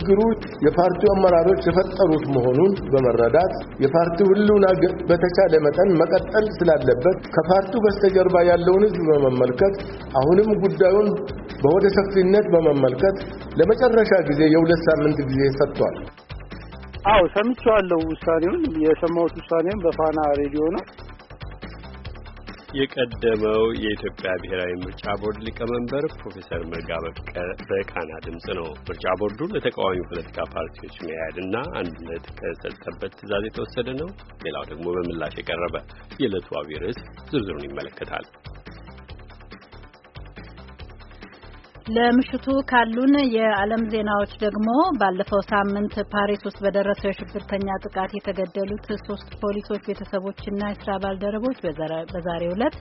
ችግሩ የፓርቲው አመራሮች የፈጠሩት መሆኑን በመረዳት የፓርቲው ህልውና በተቻለ መጠን መቀጠል ስላለበት ከፓርቲው በስተጀርባ ያለውን ህዝብ በመመልከት አሁንም ጉዳዩን በወደ ሰፊነት በመመልከት ለመጨረሻ ጊዜ የሁለት ሳምንት ጊዜ ሰጥቷል። አዎ ሰምቼዋለሁ። ውሳኔውን የሰማሁት ውሳኔውን በፋና ሬዲዮ ነው። የቀደመው የኢትዮጵያ ብሔራዊ ምርጫ ቦርድ ሊቀመንበር ፕሮፌሰር መርጋ በቃና ድምፅ ነው። ምርጫ ቦርዱ ለተቃዋሚ ፖለቲካ ፓርቲዎች መያድና አንድነት ከሰጠበት ትዕዛዝ የተወሰደ ነው። ሌላው ደግሞ በምላሽ የቀረበ የዕለቱ አብይ ርዕስ ዝርዝሩን ይመለከታል። ለምሽቱ ካሉን የዓለም ዜናዎች ደግሞ ባለፈው ሳምንት ፓሪስ ውስጥ በደረሰው የሽብርተኛ ጥቃት የተገደሉት ሶስት ፖሊሶች ቤተሰቦችና የስራ ባልደረቦች በዛሬው ዕለት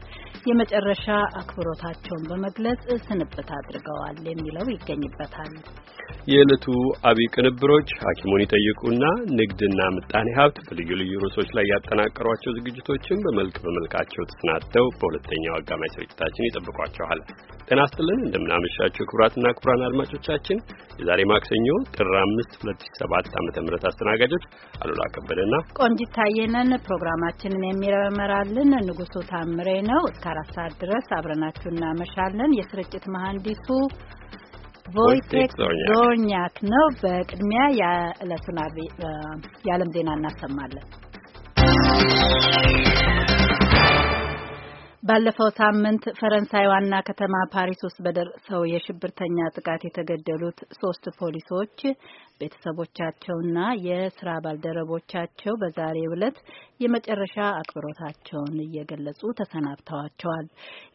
የመጨረሻ አክብሮታቸውን በመግለጽ ስንብት አድርገዋል የሚለው ይገኝበታል። የዕለቱ አብይ ቅንብሮች ሐኪሙን ይጠይቁና ንግድና ምጣኔ ሀብት በልዩ ልዩ ርዕሶች ላይ ያጠናቀሯቸው ዝግጅቶችን በመልክ በመልካቸው ተሰናድተው በሁለተኛው አጋማሽ ስርጭታችን ይጠብቋቸዋል። ጤና ይስጥልን እንደምናመሻ ናቸው። ክቡራትና ክቡራን አድማጮቻችን የዛሬ ማክሰኞ ጥር 5 2007 ዓ.ም አስተናጋጆች አሉላ ከበደና ቆንጂት ፕሮግራማችንን የሚመራልን ንጉሱ ታምሬ ነው። እስከ አራት ሰዓት ድረስ አብረናችሁ እናመሻለን። የስርጭት መሐንዲሱ ቮይቴክ ዞርኛክ ነው። በቅድሚያ የዕለቱን የዓለም ዜና እናሰማለን። ባለፈው ሳምንት ፈረንሳይ ዋና ከተማ ፓሪስ ውስጥ በደረሰው የሽብርተኛ ጥቃት የተገደሉት ሶስት ፖሊሶች ቤተሰቦቻቸውና የስራ ባልደረቦቻቸው በዛሬ ዕለት የመጨረሻ አክብሮታቸውን እየገለጹ ተሰናብተዋቸዋል።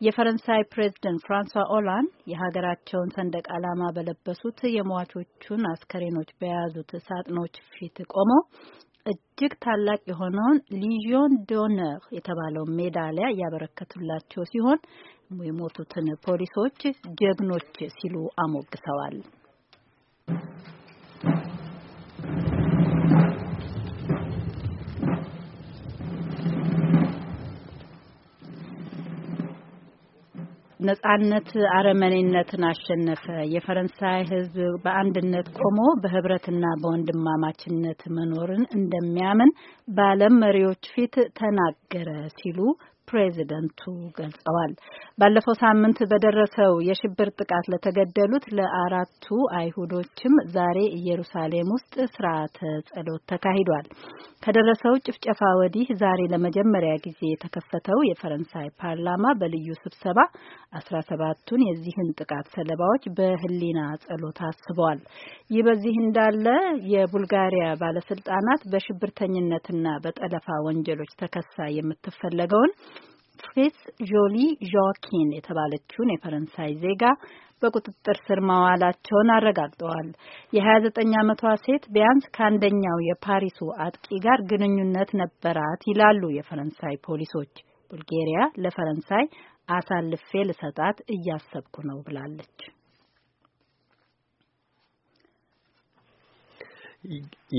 የፈረንሳይ ፕሬዝዳንት ፍራንሷ ኦላንድ የሀገራቸውን ሰንደቅ ዓላማ በለበሱት የሟቾቹን አስከሬኖች በያዙት ሳጥኖች ፊት ቆመው እጅግ ታላቅ የሆነውን ሊዥዮን ዶነር የተባለውን ሜዳሊያ እያበረከቱላቸው ሲሆን የሞቱትን ፖሊሶች ጀግኖች ሲሉ አሞግሰዋል። ነጻነት አረመኔነትን አሸነፈ። የፈረንሳይ ሕዝብ በአንድነት ቆሞ በህብረትና በወንድማማችነት መኖርን እንደሚያምን በዓለም መሪዎች ፊት ተናገረ ሲሉ ፕሬዚደንቱ ገልጸዋል። ባለፈው ሳምንት በደረሰው የሽብር ጥቃት ለተገደሉት ለአራቱ አይሁዶችም ዛሬ ኢየሩሳሌም ውስጥ ስርዓተ ጸሎት ተካሂዷል። ከደረሰው ጭፍጨፋ ወዲህ ዛሬ ለመጀመሪያ ጊዜ የተከፈተው የፈረንሳይ ፓርላማ በልዩ ስብሰባ አስራ ሰባቱን የዚህን ጥቃት ሰለባዎች በህሊና ጸሎት አስበዋል። ይህ በዚህ እንዳለ የቡልጋሪያ ባለስልጣናት በሽብርተኝነትና በጠለፋ ወንጀሎች ተከሳ የምትፈለገውን ፍሬስ ዦሊ ዦኪን የተባለችውን የፈረንሳይ ዜጋ በቁጥጥር ስር ማዋላቸውን አረጋግጠዋል። የ29 ዓመቷ ሴት ቢያንስ ከአንደኛው የፓሪሱ አጥቂ ጋር ግንኙነት ነበራት ይላሉ የፈረንሳይ ፖሊሶች። ቡልጌሪያ ለፈረንሳይ አሳልፌ ልሰጣት እያሰብኩ ነው ብላለች።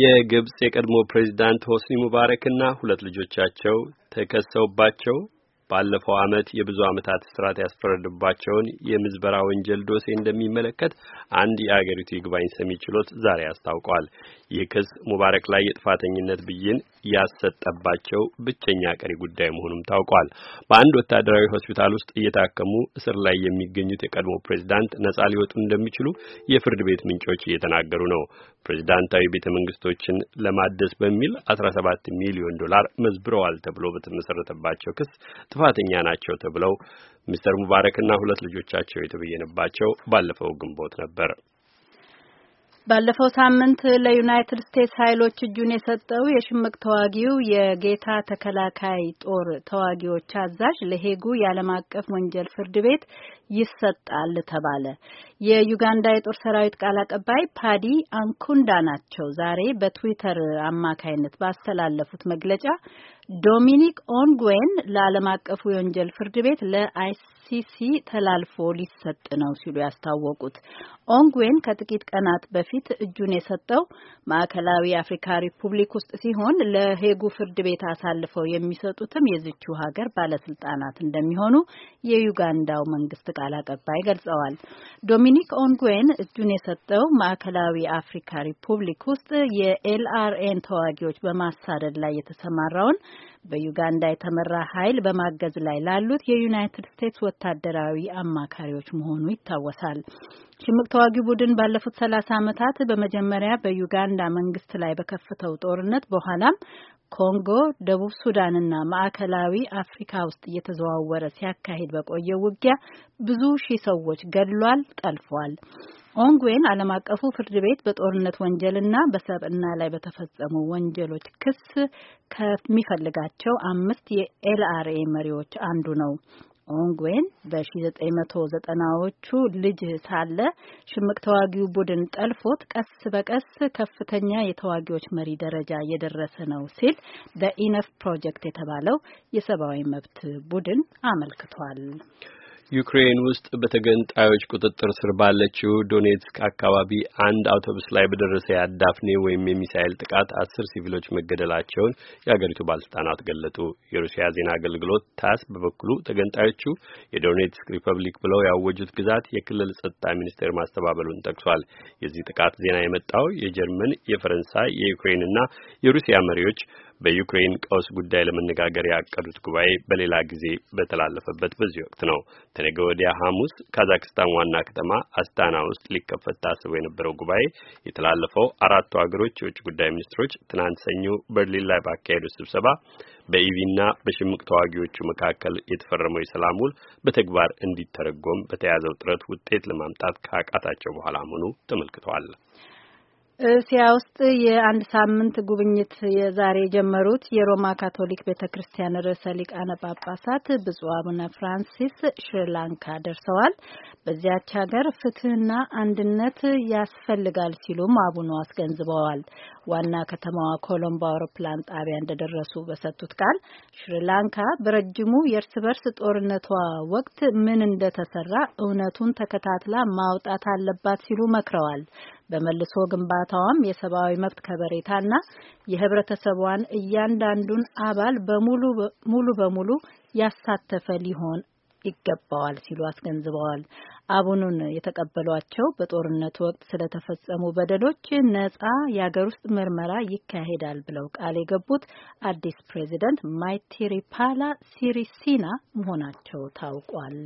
የግብጽ የቀድሞ ፕሬዚዳንት ሆስኒ ሙባረክና ሁለት ልጆቻቸው ተከሰውባቸው ባለፈው ዓመት የብዙ ዓመታት እስራት ያስፈረደባቸውን የምዝበራ ወንጀል ዶሴ እንደሚመለከት አንድ የአገሪቱ ይግባኝ ሰሚ ችሎት ዛሬ አስታውቋል። ይህ ክስ ሙባረክ ላይ የጥፋተኝነት ብይን ያሰጠባቸው ብቸኛ ቀሪ ጉዳይ መሆኑም ታውቋል። በአንድ ወታደራዊ ሆስፒታል ውስጥ እየታከሙ እስር ላይ የሚገኙት የቀድሞ ፕሬዝዳንት ነጻ ሊወጡ እንደሚችሉ የፍርድ ቤት ምንጮች እየተናገሩ ነው። ፕሬዝዳንታዊ ቤተ መንግስቶችን ለማደስ በሚል 17 ሚሊዮን ዶላር መዝብረዋል ተብሎ በተመሰረተባቸው ክስ ጥፋተኛ ናቸው ተብለው ሚስተር ሙባረክና ሁለት ልጆቻቸው የተበየነባቸው ባለፈው ግንቦት ነበር። ባለፈው ሳምንት ለዩናይትድ ስቴትስ ኃይሎች እጁን የሰጠው የሽምቅ ተዋጊው የጌታ ተከላካይ ጦር ተዋጊዎች አዛዥ ለሄጉ የዓለም አቀፍ ወንጀል ፍርድ ቤት ይሰጣል ተባለ። የዩጋንዳ የጦር ሰራዊት ቃል አቀባይ ፓዲ አንኩንዳ ናቸው። ዛሬ በትዊተር አማካይነት ባስተላለፉት መግለጫ ዶሚኒክ ኦንግዌን ለዓለም አቀፉ የወንጀል ፍርድ ቤት ለአይስ ሲሲ ተላልፎ ሊሰጥ ነው ሲሉ ያስታወቁት ኦንግዌን ከጥቂት ቀናት በፊት እጁን የሰጠው ማዕከላዊ አፍሪካ ሪፑብሊክ ውስጥ ሲሆን ለሄጉ ፍርድ ቤት አሳልፈው የሚሰጡትም የዚቹ ሀገር ባለስልጣናት እንደሚሆኑ የዩጋንዳው መንግስት ቃል አቀባይ ገልጸዋል። ዶሚኒክ ኦንግዌን እጁን የሰጠው ማዕከላዊ አፍሪካ ሪፑብሊክ ውስጥ የኤልአርኤን ተዋጊዎች በማሳደድ ላይ የተሰማራውን በዩጋንዳ የተመራ ኃይል በማገዝ ላይ ላሉት የዩናይትድ ስቴትስ ወታደራዊ አማካሪዎች መሆኑ ይታወሳል። ሽምቅ ተዋጊ ቡድን ባለፉት ሰላሳ ዓመታት በመጀመሪያ በዩጋንዳ መንግስት ላይ በከፍተው ጦርነት በኋላም ኮንጎ፣ ደቡብ ሱዳንና ማዕከላዊ አፍሪካ ውስጥ እየተዘዋወረ ሲያካሂድ በቆየው ውጊያ ብዙ ሺህ ሰዎች ገድሏል፣ ጠልፏል። ኦንግዌን ዓለም አቀፉ ፍርድ ቤት በጦርነት ወንጀልና በሰብና ላይ በተፈጸሙ ወንጀሎች ክስ ከሚፈልጋቸው አምስት የኤልአርኤ መሪዎች አንዱ ነው። ኦንግዌን በ1990ዎቹ ልጅ ሳለ ሽምቅ ተዋጊው ቡድን ጠልፎት ቀስ በቀስ ከፍተኛ የተዋጊዎች መሪ ደረጃ የደረሰ ነው ሲል በኢነፍ ፕሮጀክት የተባለው የሰብአዊ መብት ቡድን አመልክቷል። ዩክሬን ውስጥ በተገንጣዮች ቁጥጥር ስር ባለችው ዶኔትስክ አካባቢ አንድ አውቶቡስ ላይ በደረሰ የአዳፍኔ ወይም የሚሳኤል ጥቃት አስር ሲቪሎች መገደላቸውን የአገሪቱ ባለስልጣናት ገለጡ። የሩሲያ ዜና አገልግሎት ታስ በበኩሉ ተገንጣዮቹ የዶኔትስክ ሪፐብሊክ ብለው ያወጁት ግዛት የክልል ጸጥታ ሚኒስቴር ማስተባበሉን ጠቅሷል። የዚህ ጥቃት ዜና የመጣው የጀርመን፣ የፈረንሳይ፣ የዩክሬንና የሩሲያ መሪዎች በዩክሬን ቀውስ ጉዳይ ለመነጋገር ያቀዱት ጉባኤ በሌላ ጊዜ በተላለፈበት በዚህ ወቅት ነው። ተነገ ወዲያ ሐሙስ ካዛክስታን ዋና ከተማ አስታና ውስጥ ሊከፈት ታስቦ የነበረው ጉባኤ የተላለፈው አራቱ አገሮች የውጭ ጉዳይ ሚኒስትሮች ትናንት ሰኞ በርሊን ላይ ባካሄዱት ስብሰባ በኢቪና በሽምቅ ተዋጊዎቹ መካከል የተፈረመው የሰላም ውል በተግባር እንዲተረጎም በተያዘው ጥረት ውጤት ለማምጣት ካቃታቸው በኋላ መሆኑ ተመልክቷል። እስያ ውስጥ የአንድ ሳምንት ጉብኝት የዛሬ የጀመሩት የሮማ ካቶሊክ ቤተ ክርስቲያን ርዕሰ ሊቃነ ጳጳሳት ብፁዕ አቡነ ፍራንሲስ ሽሪላንካ ደርሰዋል። በዚያች ሀገር ፍትህና አንድነት ያስፈልጋል ሲሉም አቡኑ አስገንዝበዋል። ዋና ከተማዋ ኮሎምቦ አውሮፕላን ጣቢያ እንደደረሱ በሰጡት ቃል ሽሪላንካ በረጅሙ የእርስ በርስ ጦርነቷ ወቅት ምን እንደተሰራ እውነቱን ተከታትላ ማውጣት አለባት ሲሉ መክረዋል። በመልሶ ግንባታዋም የሰብአዊ መብት ከበሬታና የህብረተሰቧን እያንዳንዱን አባል በሙሉ በሙሉ ያሳተፈ ሊሆን ይገባዋል ሲሉ አስገንዝበዋል። አቡኑን የተቀበሏቸው በጦርነቱ ወቅት ስለተፈጸሙ በደሎች ነጻ የሀገር ውስጥ ምርመራ ይካሄዳል ብለው ቃል የገቡት አዲስ ፕሬዚደንት ማይቲሪፓላ ሲሪሲና መሆናቸው ታውቋል።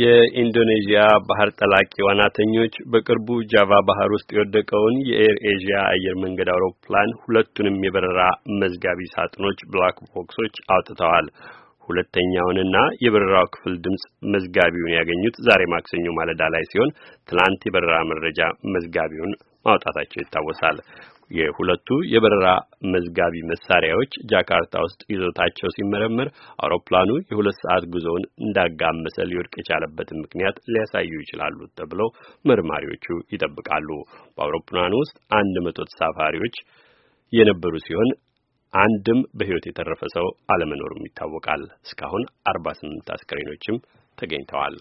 የኢንዶኔዥያ ባህር ጠላቂ ዋናተኞች በቅርቡ ጃቫ ባህር ውስጥ የወደቀውን የኤር ኤዥያ አየር መንገድ አውሮፕላን ሁለቱንም የበረራ መዝጋቢ ሳጥኖች ብላክ ቦክሶች አውጥተዋል። ሁለተኛውንና የበረራው ክፍል ድምፅ መዝጋቢውን ያገኙት ዛሬ ማክሰኞ ማለዳ ላይ ሲሆን ትላንት የበረራ መረጃ መዝጋቢውን ማውጣታቸው ይታወሳል። የሁለቱ የበረራ መዝጋቢ መሳሪያዎች ጃካርታ ውስጥ ይዞታቸው ሲመረመር አውሮፕላኑ የሁለት ሰዓት ጉዞውን እንዳጋመሰ ሊወድቅ የቻለበትን ምክንያት ሊያሳዩ ይችላሉ ተብለው መርማሪዎቹ ይጠብቃሉ። በአውሮፕላኑ ውስጥ አንድ መቶ ተሳፋሪዎች የነበሩ ሲሆን አንድም በሕይወት የተረፈ ሰው አለመኖሩም ይታወቃል። እስካሁን አርባ ስምንት አስከሬኖችም ተገኝተዋል።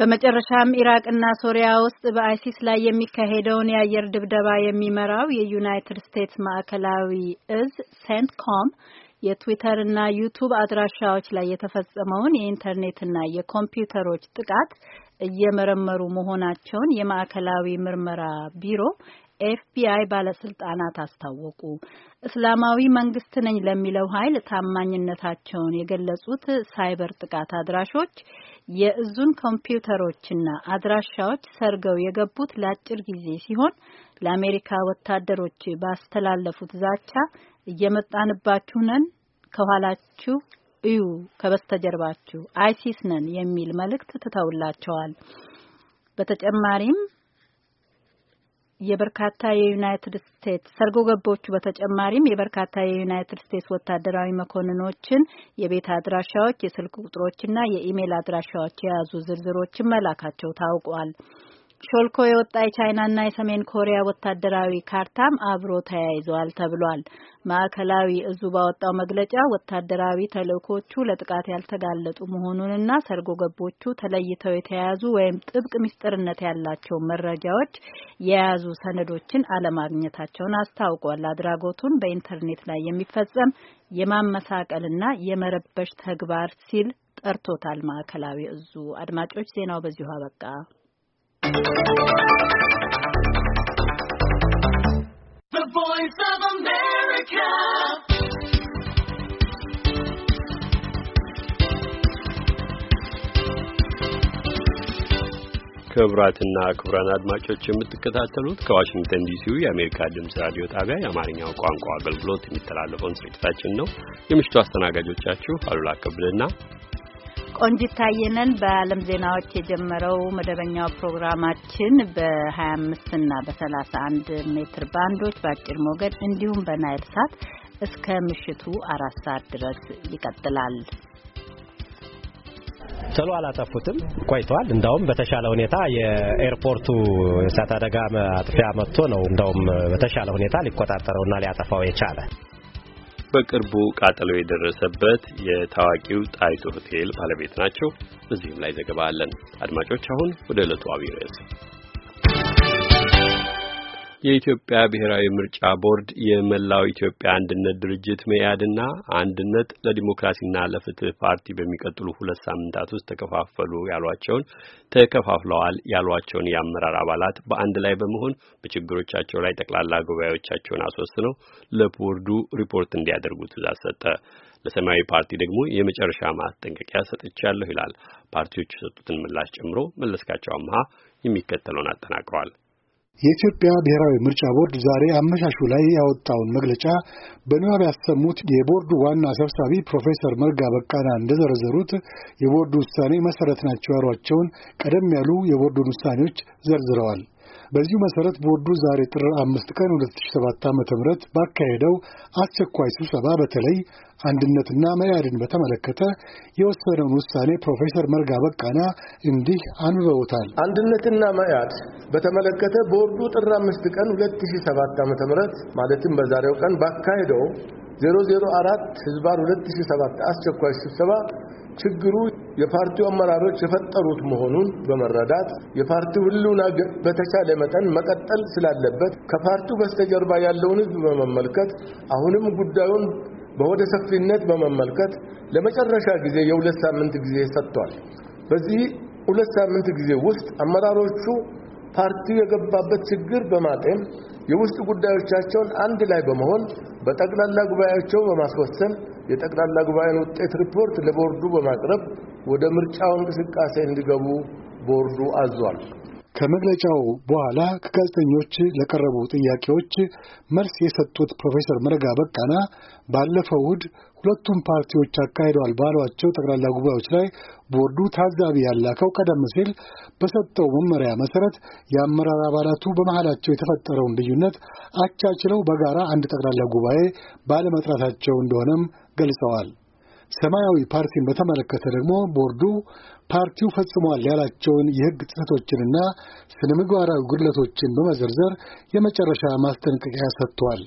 በመጨረሻም ኢራቅና ሶሪያ ውስጥ በአይሲስ ላይ የሚካሄደውን የአየር ድብደባ የሚመራው የዩናይትድ ስቴትስ ማዕከላዊ እዝ ሴንት ኮም የትዊተርና ዩቱብ አድራሻዎች ላይ የተፈጸመውን የኢንተርኔትና የኮምፒውተሮች ጥቃት እየመረመሩ መሆናቸውን የማዕከላዊ ምርመራ ቢሮ ኤፍቢአይ ባለስልጣናት አስታወቁ። እስላማዊ መንግስት ነኝ ለሚለው ኃይል ታማኝነታቸውን የገለጹት ሳይበር ጥቃት አድራሾች የእዙን ኮምፒውተሮችና አድራሻዎች ሰርገው የገቡት ለአጭር ጊዜ ሲሆን ለአሜሪካ ወታደሮች ባስተላለፉት ዛቻ እየመጣንባችሁ ነን፣ ከኋላችሁ እዩ፣ ከበስተጀርባችሁ አይሲስ ነን የሚል መልእክት ትተውላቸዋል። በተጨማሪም የበርካታ የዩናይትድ ስቴትስ ሰርጎ ገቦቹ በተጨማሪም የበርካታ የዩናይትድ ስቴትስ ወታደራዊ መኮንኖችን የቤት አድራሻዎች፣ የስልክ ቁጥሮችና የኢሜይል አድራሻዎች የያዙ ዝርዝሮችን መላካቸው ታውቋል። ሾልኮ የወጣ የቻይናና የሰሜን ኮሪያ ወታደራዊ ካርታም አብሮ ተያይዘዋል ተብሏል። ማዕከላዊ እዙ ባወጣው መግለጫ ወታደራዊ ተልእኮቹ ለጥቃት ያልተጋለጡ መሆኑንና ሰርጎ ገቦቹ ተለይተው የተያያዙ ወይም ጥብቅ ምስጢርነት ያላቸው መረጃዎች የያዙ ሰነዶችን አለማግኘታቸውን አስታውቋል። አድራጎቱን በኢንተርኔት ላይ የሚፈጸም የማመሳቀልና የመረበሽ ተግባር ሲል ጠርቶታል። ማዕከላዊ እዙ አድማጮች፣ ዜናው በዚሁ አበቃ። ክቡራትና ክቡራን አድማጮች የምትከታተሉት ከዋሽንግተን ዲሲው የአሜሪካ ድምፅ ራዲዮ ጣቢያ የአማርኛው ቋንቋ አገልግሎት የሚተላለፈውን ስርጭታችን ነው። የምሽቱ አስተናጋጆቻችሁ አሉላ ከብልና ቆንጂት ታየነን በዓለም ዜናዎች የጀመረው መደበኛው ፕሮግራማችን በ25 እና በ31 ሜትር ባንዶች በአጭር ሞገድ እንዲሁም በናይል ሳት እስከ ምሽቱ አራት ሰዓት ድረስ ይቀጥላል። ቶሎ አላጠፉትም፣ ቆይተዋል። እንዳውም በተሻለ ሁኔታ የኤርፖርቱ እሳት አደጋ አጥፊያ መጥቶ ነው እንዳውም በተሻለ ሁኔታ ሊቆጣጠረውና ሊያጠፋው የቻለ በቅርቡ ቃጠሎ የደረሰበት የታዋቂው ጣይቱ ሆቴል ባለቤት ናቸው። በዚህም ላይ ዘገባ አለን። አድማጮች አሁን ወደ ዕለቱ አብይ ርዕስ የኢትዮጵያ ብሔራዊ ምርጫ ቦርድ የመላው ኢትዮጵያ አንድነት ድርጅት መያድና አንድነት ለዲሞክራሲና ለፍትህ ፓርቲ በሚቀጥሉ ሁለት ሳምንታት ውስጥ ተከፋፈሉ ያሏቸውን ተከፋፍለዋል ያሏቸውን የአመራር አባላት በአንድ ላይ በመሆን በችግሮቻቸው ላይ ጠቅላላ ጉባኤዎቻቸውን አስወስነው ለቦርዱ ሪፖርት እንዲያደርጉ ትእዛዝ ሰጠ። ለሰማያዊ ፓርቲ ደግሞ የመጨረሻ ማስጠንቀቂያ ሰጥቻለሁ ይላል። ፓርቲዎቹ የሰጡትን ምላሽ ጨምሮ መለስካቸው አምሃ የሚከተለውን አጠናቅሯል። የኢትዮጵያ ብሔራዊ ምርጫ ቦርድ ዛሬ አመሻሹ ላይ ያወጣውን መግለጫ በንባብ ያሰሙት የቦርዱ ዋና ሰብሳቢ ፕሮፌሰር መርጋ በቃና እንደዘረዘሩት የቦርዱ ውሳኔ መሠረት ናቸው ያሏቸውን ቀደም ያሉ የቦርዱን ውሳኔዎች ዘርዝረዋል። በዚሁ መሠረት ቦርዱ ዛሬ ጥር አምስት ቀን 2007 ዓ ም ባካሄደው አስቸኳይ ስብሰባ በተለይ አንድነትና መያድን በተመለከተ የወሰነውን ውሳኔ ፕሮፌሰር መርጋ በቃና እንዲህ አንብበውታል። አንድነትና መያድ በተመለከተ ቦርዱ ጥር አምስት ቀን 2007 ዓ.ም ማለትም በዛሬው ቀን ባካሄደው 004 ህዝባር 2007 አስቸኳይ ስብሰባ ችግሩ የፓርቲው አመራሮች የፈጠሩት መሆኑን በመረዳት የፓርቲው ህልውና በተቻለ መጠን መቀጠል ስላለበት ከፓርቲው በስተጀርባ ያለውን ህዝብ በመመልከት አሁንም ጉዳዩን በወደ ሰፊነት በመመልከት ለመጨረሻ ጊዜ የሁለት ሳምንት ጊዜ ሰጥቷል። በዚህ ሁለት ሳምንት ጊዜ ውስጥ አመራሮቹ ፓርቲው የገባበት ችግር በማጤም የውስጥ ጉዳዮቻቸውን አንድ ላይ በመሆን በጠቅላላ ጉባኤያቸው በማስወሰን የጠቅላላ ጉባኤን ውጤት ሪፖርት ለቦርዱ በማቅረብ ወደ ምርጫው እንቅስቃሴ እንዲገቡ ቦርዱ አዟል። ከመግለጫው በኋላ ከጋዜጠኞች ለቀረቡ ጥያቄዎች መልስ የሰጡት ፕሮፌሰር መረጋ በቃና ባለፈው እሑድ ሁለቱም ፓርቲዎች አካሂደዋል ባሏቸው ጠቅላላ ጉባኤዎች ላይ ቦርዱ ታዛቢ ያላከው ቀደም ሲል በሰጠው መመሪያ መሰረት የአመራር አባላቱ በመሃላቸው የተፈጠረውን ልዩነት አቻችለው በጋራ አንድ ጠቅላላ ጉባኤ ባለመጥራታቸው እንደሆነም ገልጸዋል። ሰማያዊ ፓርቲን በተመለከተ ደግሞ ቦርዱ ፓርቲው ፈጽሟል ያላቸውን የሕግ ጥሰቶችንና ስነ ምግባራዊ ጉድለቶችን በመዘርዘር የመጨረሻ ማስጠንቀቂያ ሰጥቷል።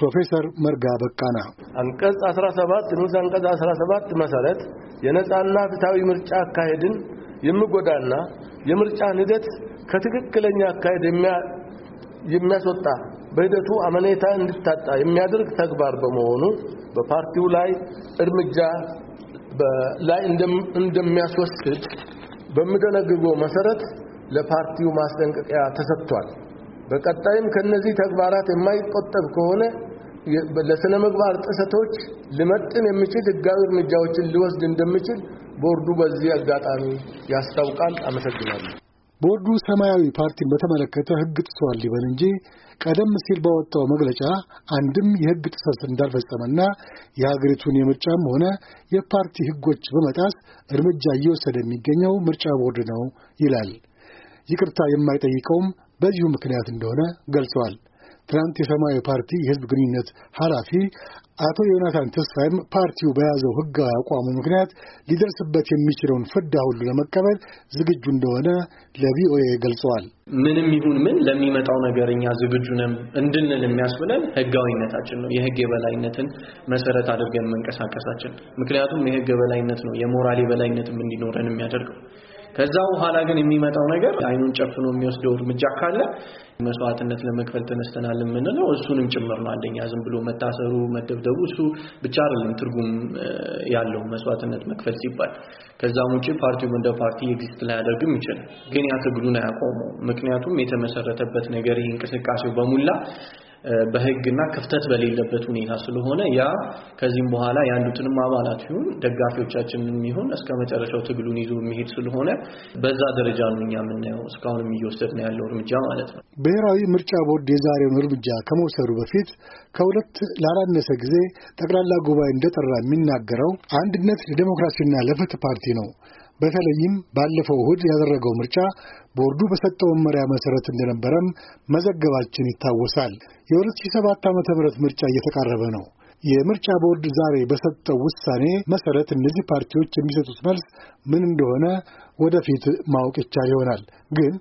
ፕሮፌሰር መርጋ በቃና አንቀጽ 17 ንዑስ አንቀጽ 17 መሰረት የነጻና ፍትሐዊ ምርጫ አካሄድን የሚጎዳና የምርጫን ሂደት ከትክክለኛ አካሄድ የሚያስወጣ በሂደቱ አመኔታ እንድታጣ የሚያደርግ ተግባር በመሆኑ በፓርቲው ላይ እርምጃ ላይ እንደሚያስወስድ በምደነግገው መሰረት ለፓርቲው ማስጠንቀቂያ ተሰጥቷል። በቀጣይም ከነዚህ ተግባራት የማይቆጠብ ከሆነ ለስነ ምግባር ጥሰቶች ልመጥን የሚችል ህጋዊ እርምጃዎችን ሊወስድ እንደሚችል ቦርዱ በዚህ አጋጣሚ ያስታውቃል። አመሰግናለሁ። ቦርዱ ሰማያዊ ፓርቲን በተመለከተ ህግ ጥሷል ሊበል እንጂ ቀደም ሲል ባወጣው መግለጫ አንድም የህግ ጥሰት እንዳልፈጸመና የሀገሪቱን የምርጫም ሆነ የፓርቲ ህጎች በመጣስ እርምጃ እየወሰደ የሚገኘው ምርጫ ቦርድ ነው ይላል። ይቅርታ የማይጠይቀውም በዚሁ ምክንያት እንደሆነ ገልጸዋል። ትናንት የሰማያዊ ፓርቲ የህዝብ ግንኙነት ኃላፊ አቶ ዮናታን ተስፋይም ፓርቲው በያዘው ህጋዊ አቋሙ ምክንያት ሊደርስበት የሚችለውን ፍዳ ሁሉ ለመቀበል ዝግጁ እንደሆነ ለቪኦኤ ገልጸዋል። ምንም ይሁን ምን ለሚመጣው ነገር እኛ ዝግጁ ነን እንድንል የሚያስብለን ህጋዊነታችን ነው፣ የህግ የበላይነትን መሰረት አድርገን መንቀሳቀሳችን። ምክንያቱም የህግ የበላይነት ነው የሞራል የበላይነትም እንዲኖረን የሚያደርገው ከዛ በኋላ ግን የሚመጣው ነገር አይኑን ጨፍኖ የሚወስደው እርምጃ ካለ መስዋዕትነት ለመክፈል ተነስተናል የምንለው እሱንም ጭምር ነው። አንደኛ ዝም ብሎ መታሰሩ፣ መደብደቡ እሱ ብቻ አይደለም ትርጉም ያለው መስዋዕትነት መክፈል ሲባል። ከዛም ውጭ ፓርቲው እንደ ፓርቲ ኤግዚስት ላያደርግም ይችላል፣ ግን ያ ትግሉን አያቆመው። ምክንያቱም የተመሰረተበት ነገር ይህ እንቅስቃሴው በሙላ በህግና ክፍተት በሌለበት ሁኔታ ስለሆነ ያ ከዚህም በኋላ ያሉትንም አባላት ይሁን ደጋፊዎቻችንም ይሁን እስከ መጨረሻው ትግሉን ይዞ የሚሄድ ስለሆነ በዛ ደረጃ ነው እኛ የምናየው እስካሁንም እየወሰድ ነው ያለው እርምጃ ማለት ነው። ብሔራዊ ምርጫ ቦርድ የዛሬውን እርምጃ ከመውሰዱ በፊት ከሁለት ላላነሰ ጊዜ ጠቅላላ ጉባኤ እንደጠራ የሚናገረው አንድነት ለዴሞክራሲና ለፍትህ ፓርቲ ነው። በተለይም ባለፈው እሁድ ያደረገው ምርጫ ቦርዱ በሰጠው መመሪያ መሰረት እንደነበረም መዘገባችን ይታወሳል። የ2007 ዓ ም ምርጫ እየተቃረበ ነው። የምርጫ ቦርድ ዛሬ በሰጠው ውሳኔ መሰረት እነዚህ ፓርቲዎች የሚሰጡት መልስ ምን እንደሆነ ወደፊት ማወቅ ይቻል ይሆናል። ግን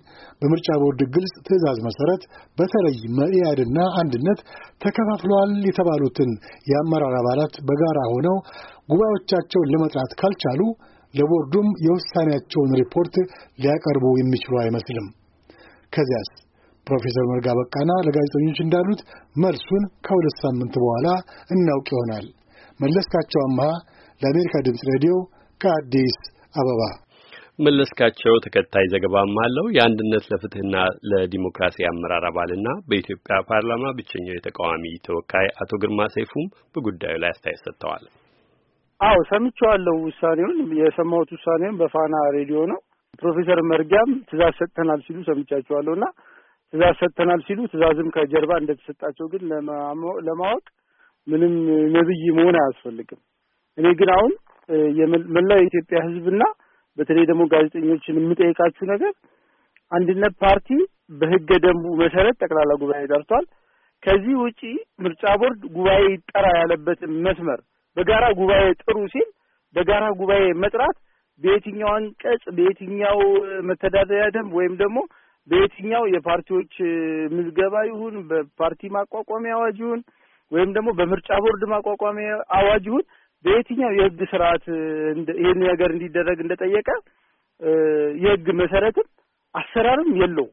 በምርጫ ቦርድ ግልጽ ትዕዛዝ መሰረት በተለይ መኢአድና አንድነት ተከፋፍለዋል የተባሉትን የአመራር አባላት በጋራ ሆነው ጉባኤዎቻቸውን ለመጥራት ካልቻሉ ለቦርዱም የውሳኔያቸውን ሪፖርት ሊያቀርቡ የሚችሉ አይመስልም። ከዚያስ ፕሮፌሰር መርጋ በቃና ለጋዜጠኞች እንዳሉት መልሱን ከሁለት ሳምንት በኋላ እናውቅ ይሆናል። መለስካቸው አምሃ ለአሜሪካ ድምፅ ሬዲዮ ከአዲስ አበባ መለስካቸው ተከታይ ዘገባም አለው። የአንድነት ለፍትህና ለዲሞክራሲ አመራር አባልና በኢትዮጵያ ፓርላማ ብቸኛው የተቃዋሚ ተወካይ አቶ ግርማ ሰይፉም በጉዳዩ ላይ አስተያየት ሰጥተዋል። አዎ ሰምቼዋለሁ። ውሳኔውን የሰማሁት ውሳኔውን በፋና ሬዲዮ ነው። ፕሮፌሰር መርጊያም ትእዛዝ ሰጥተናል ሲሉ ሰምቻቸዋለሁ እና ትእዛዝ ሰጥተናል ሲሉ ትእዛዝም ከጀርባ እንደተሰጣቸው ግን ለማወቅ ምንም ነብይ መሆን አያስፈልግም። እኔ ግን አሁን መላው የኢትዮጵያ ሕዝብና በተለይ ደግሞ ጋዜጠኞችን የምጠይቃችሁ ነገር አንድነት ፓርቲ በህገ ደንቡ መሰረት ጠቅላላ ጉባኤ ጠርቷል። ከዚህ ውጪ ምርጫ ቦርድ ጉባኤ ይጠራ ያለበትን መስመር በጋራ ጉባኤ ጥሩ ሲል በጋራ ጉባኤ መጥራት በየትኛው አንቀጽ በየትኛው መተዳደሪያ ደንብ ወይም ደግሞ በየትኛው የፓርቲዎች ምዝገባ ይሁን በፓርቲ ማቋቋሚያ አዋጅ ይሁን ወይም ደግሞ በምርጫ ቦርድ ማቋቋሚያ አዋጅ ይሁን በየትኛው የህግ ስርዓት ይህን ነገር እንዲደረግ እንደጠየቀ የህግ መሰረትም አሰራርም የለው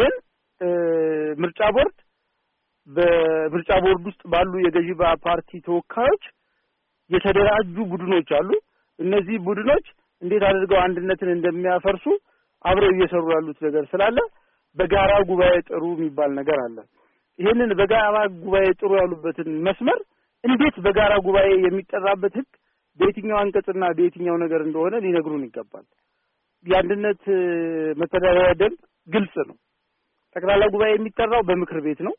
ግን ምርጫ ቦርድ በምርጫ ቦርድ ውስጥ ባሉ የገዢ ፓርቲ ተወካዮች የተደራጁ ቡድኖች አሉ። እነዚህ ቡድኖች እንዴት አድርገው አንድነትን እንደሚያፈርሱ አብረው እየሰሩ ያሉት ነገር ስላለ በጋራ ጉባኤ ጥሩ የሚባል ነገር አለ። ይህንን በጋራ ጉባኤ ጥሩ ያሉበትን መስመር እንዴት በጋራ ጉባኤ የሚጠራበት ህግ በየትኛው አንቀጽና በየትኛው ነገር እንደሆነ ሊነግሩን ይገባል። የአንድነት መተዳደሪያ ደንብ ግልጽ ነው። ጠቅላላ ጉባኤ የሚጠራው በምክር ቤት ነው።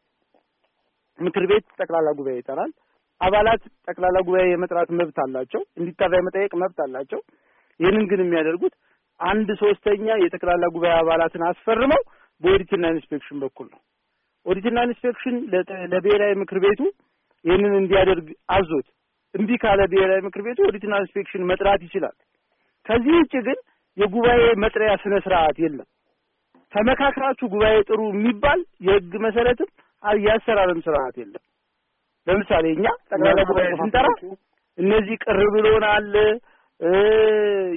ምክር ቤት ጠቅላላ ጉባኤ ይጠራል። አባላት ጠቅላላ ጉባኤ የመጥራት መብት አላቸው፣ እንዲጠራ የመጠየቅ መብት አላቸው። ይህንን ግን የሚያደርጉት አንድ ሶስተኛ የጠቅላላ ጉባኤ አባላትን አስፈርመው በኦዲትና ኢንስፔክሽን በኩል ነው። ኦዲትና ኢንስፔክሽን ለብሔራዊ ምክር ቤቱ ይህንን እንዲያደርግ አዞት፣ እምቢ ካለ ብሔራዊ ምክር ቤቱ ኦዲትና ኢንስፔክሽን መጥራት ይችላል። ከዚህ ውጭ ግን የጉባኤ መጥሪያ ስነ ስርዓት የለም። ተመካክራችሁ ጉባኤ ጥሩ የሚባል የህግ መሰረትም የአሰራርም ስርዓት የለም። ለምሳሌ እኛ ጉባኤ ስንጠራ እነዚህ ቅር ብሎናል፣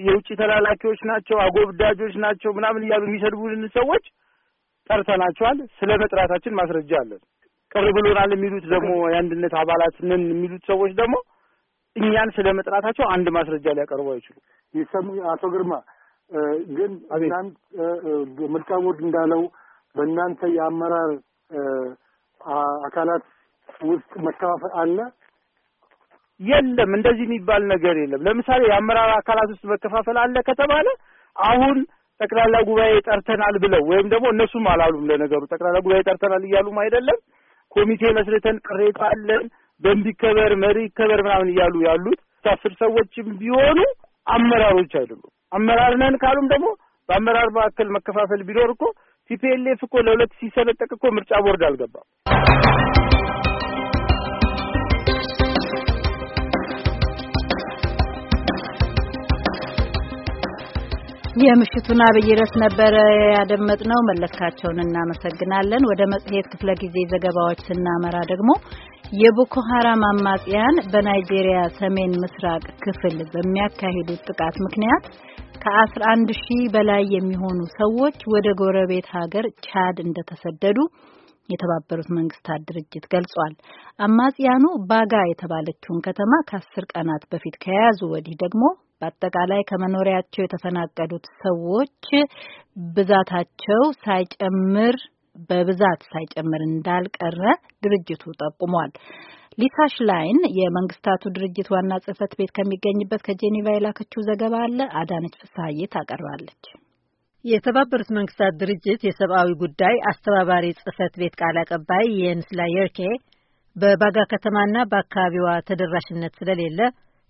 የውጭ ተላላኪዎች ናቸው፣ አጎብዳጆች ናቸው ምናምን እያሉ የሚሰድቡን ሰዎች ጠርተናቸዋል። ስለ መጥራታችን ማስረጃ አለን። ቅር ብሎናል የሚሉት ደግሞ የአንድነት አባላት ነን የሚሉት ሰዎች ደግሞ እኛን ስለ መጥራታቸው አንድ ማስረጃ ሊያቀርቡ አይችሉ ይሰሙ አቶ ግርማ ግን እናንተ ምርጫ ቦርድ እንዳለው በእናንተ የአመራር አካላት ውስጥ መከፋፈል አለ? የለም። እንደዚህ የሚባል ነገር የለም። ለምሳሌ የአመራር አካላት ውስጥ መከፋፈል አለ ከተባለ አሁን ጠቅላላ ጉባኤ ጠርተናል ብለው ወይም ደግሞ እነሱም አላሉም። ለነገሩ ጠቅላላ ጉባኤ ጠርተናል እያሉም አይደለም። ኮሚቴ መስርተን ቅሬታ አለን በሚከበር መሪ ይከበር ምናምን እያሉ ያሉት አስር ሰዎችም ቢሆኑ አመራሮች አይደሉም። አመራር ነን ካሉም ደግሞ በአመራር መካከል መከፋፈል ቢኖር እኮ ቲፒኤልኤፍ እኮ ለሁለት ሲሰነጠቅ እኮ ምርጫ ቦርድ አልገባም። የምሽቱን አብይ ርዕስ ነበረ ያደመጥነው። መለስካቸውን እናመሰግናለን። ወደ መጽሔት ክፍለ ጊዜ ዘገባዎች ስናመራ ደግሞ የቦኮ ሀራም አማጽያን በናይጄሪያ ሰሜን ምስራቅ ክፍል በሚያካሂዱት ጥቃት ምክንያት ከ11 ሺህ በላይ የሚሆኑ ሰዎች ወደ ጎረቤት ሀገር ቻድ እንደተሰደዱ የተባበሩት መንግስታት ድርጅት ገልጿል። አማጽያኑ ባጋ የተባለችውን ከተማ ከአስር ቀናት በፊት ከያዙ ወዲህ ደግሞ በአጠቃላይ ከመኖሪያቸው የተፈናቀሉት ሰዎች ብዛታቸው ሳይጨምር በብዛት ሳይጨምር እንዳልቀረ ድርጅቱ ጠቁሟል። ሊሳ ሽላይን የመንግስታቱ ድርጅት ዋና ጽህፈት ቤት ከሚገኝበት ከጄኔቫ የላከችው ዘገባ አለ። አዳነች ፍስሀዬ ታቀርባለች። የተባበሩት መንግስታት ድርጅት የሰብአዊ ጉዳይ አስተባባሪ ጽህፈት ቤት ቃል አቀባይ የንስ በባጋ ከተማና በአካባቢዋ ተደራሽነት ስለሌለ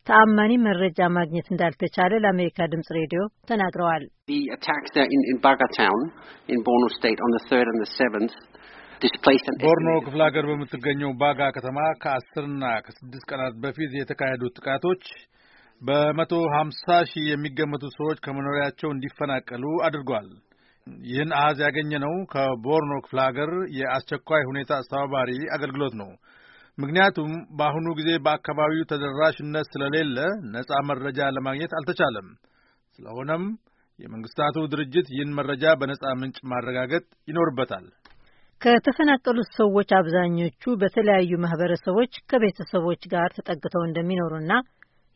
ተአማኒ መረጃ ማግኘት እንዳልተቻለ ለአሜሪካ ድምጽ ሬዲዮ ተናግረዋል። ቦርኖ ክፍለ ሀገር በምትገኘው ባጋ ከተማ ከአስርና ከስድስት ቀናት በፊት የተካሄዱት ጥቃቶች በመቶ ሀምሳ ሺህ የሚገመቱ ሰዎች ከመኖሪያቸው እንዲፈናቀሉ አድርጓል። ይህን አሃዝ ያገኘ ነው ከቦርኖ ክፍለ ሀገር የአስቸኳይ ሁኔታ አስተባባሪ አገልግሎት ነው። ምክንያቱም በአሁኑ ጊዜ በአካባቢው ተደራሽነት ስለሌለ ነጻ መረጃ ለማግኘት አልተቻለም። ስለሆነም የመንግስታቱ ድርጅት ይህን መረጃ በነጻ ምንጭ ማረጋገጥ ይኖርበታል። ከተፈናቀሉት ሰዎች አብዛኞቹ በተለያዩ ማህበረሰቦች ከቤተሰቦች ጋር ተጠግተው እንደሚኖሩና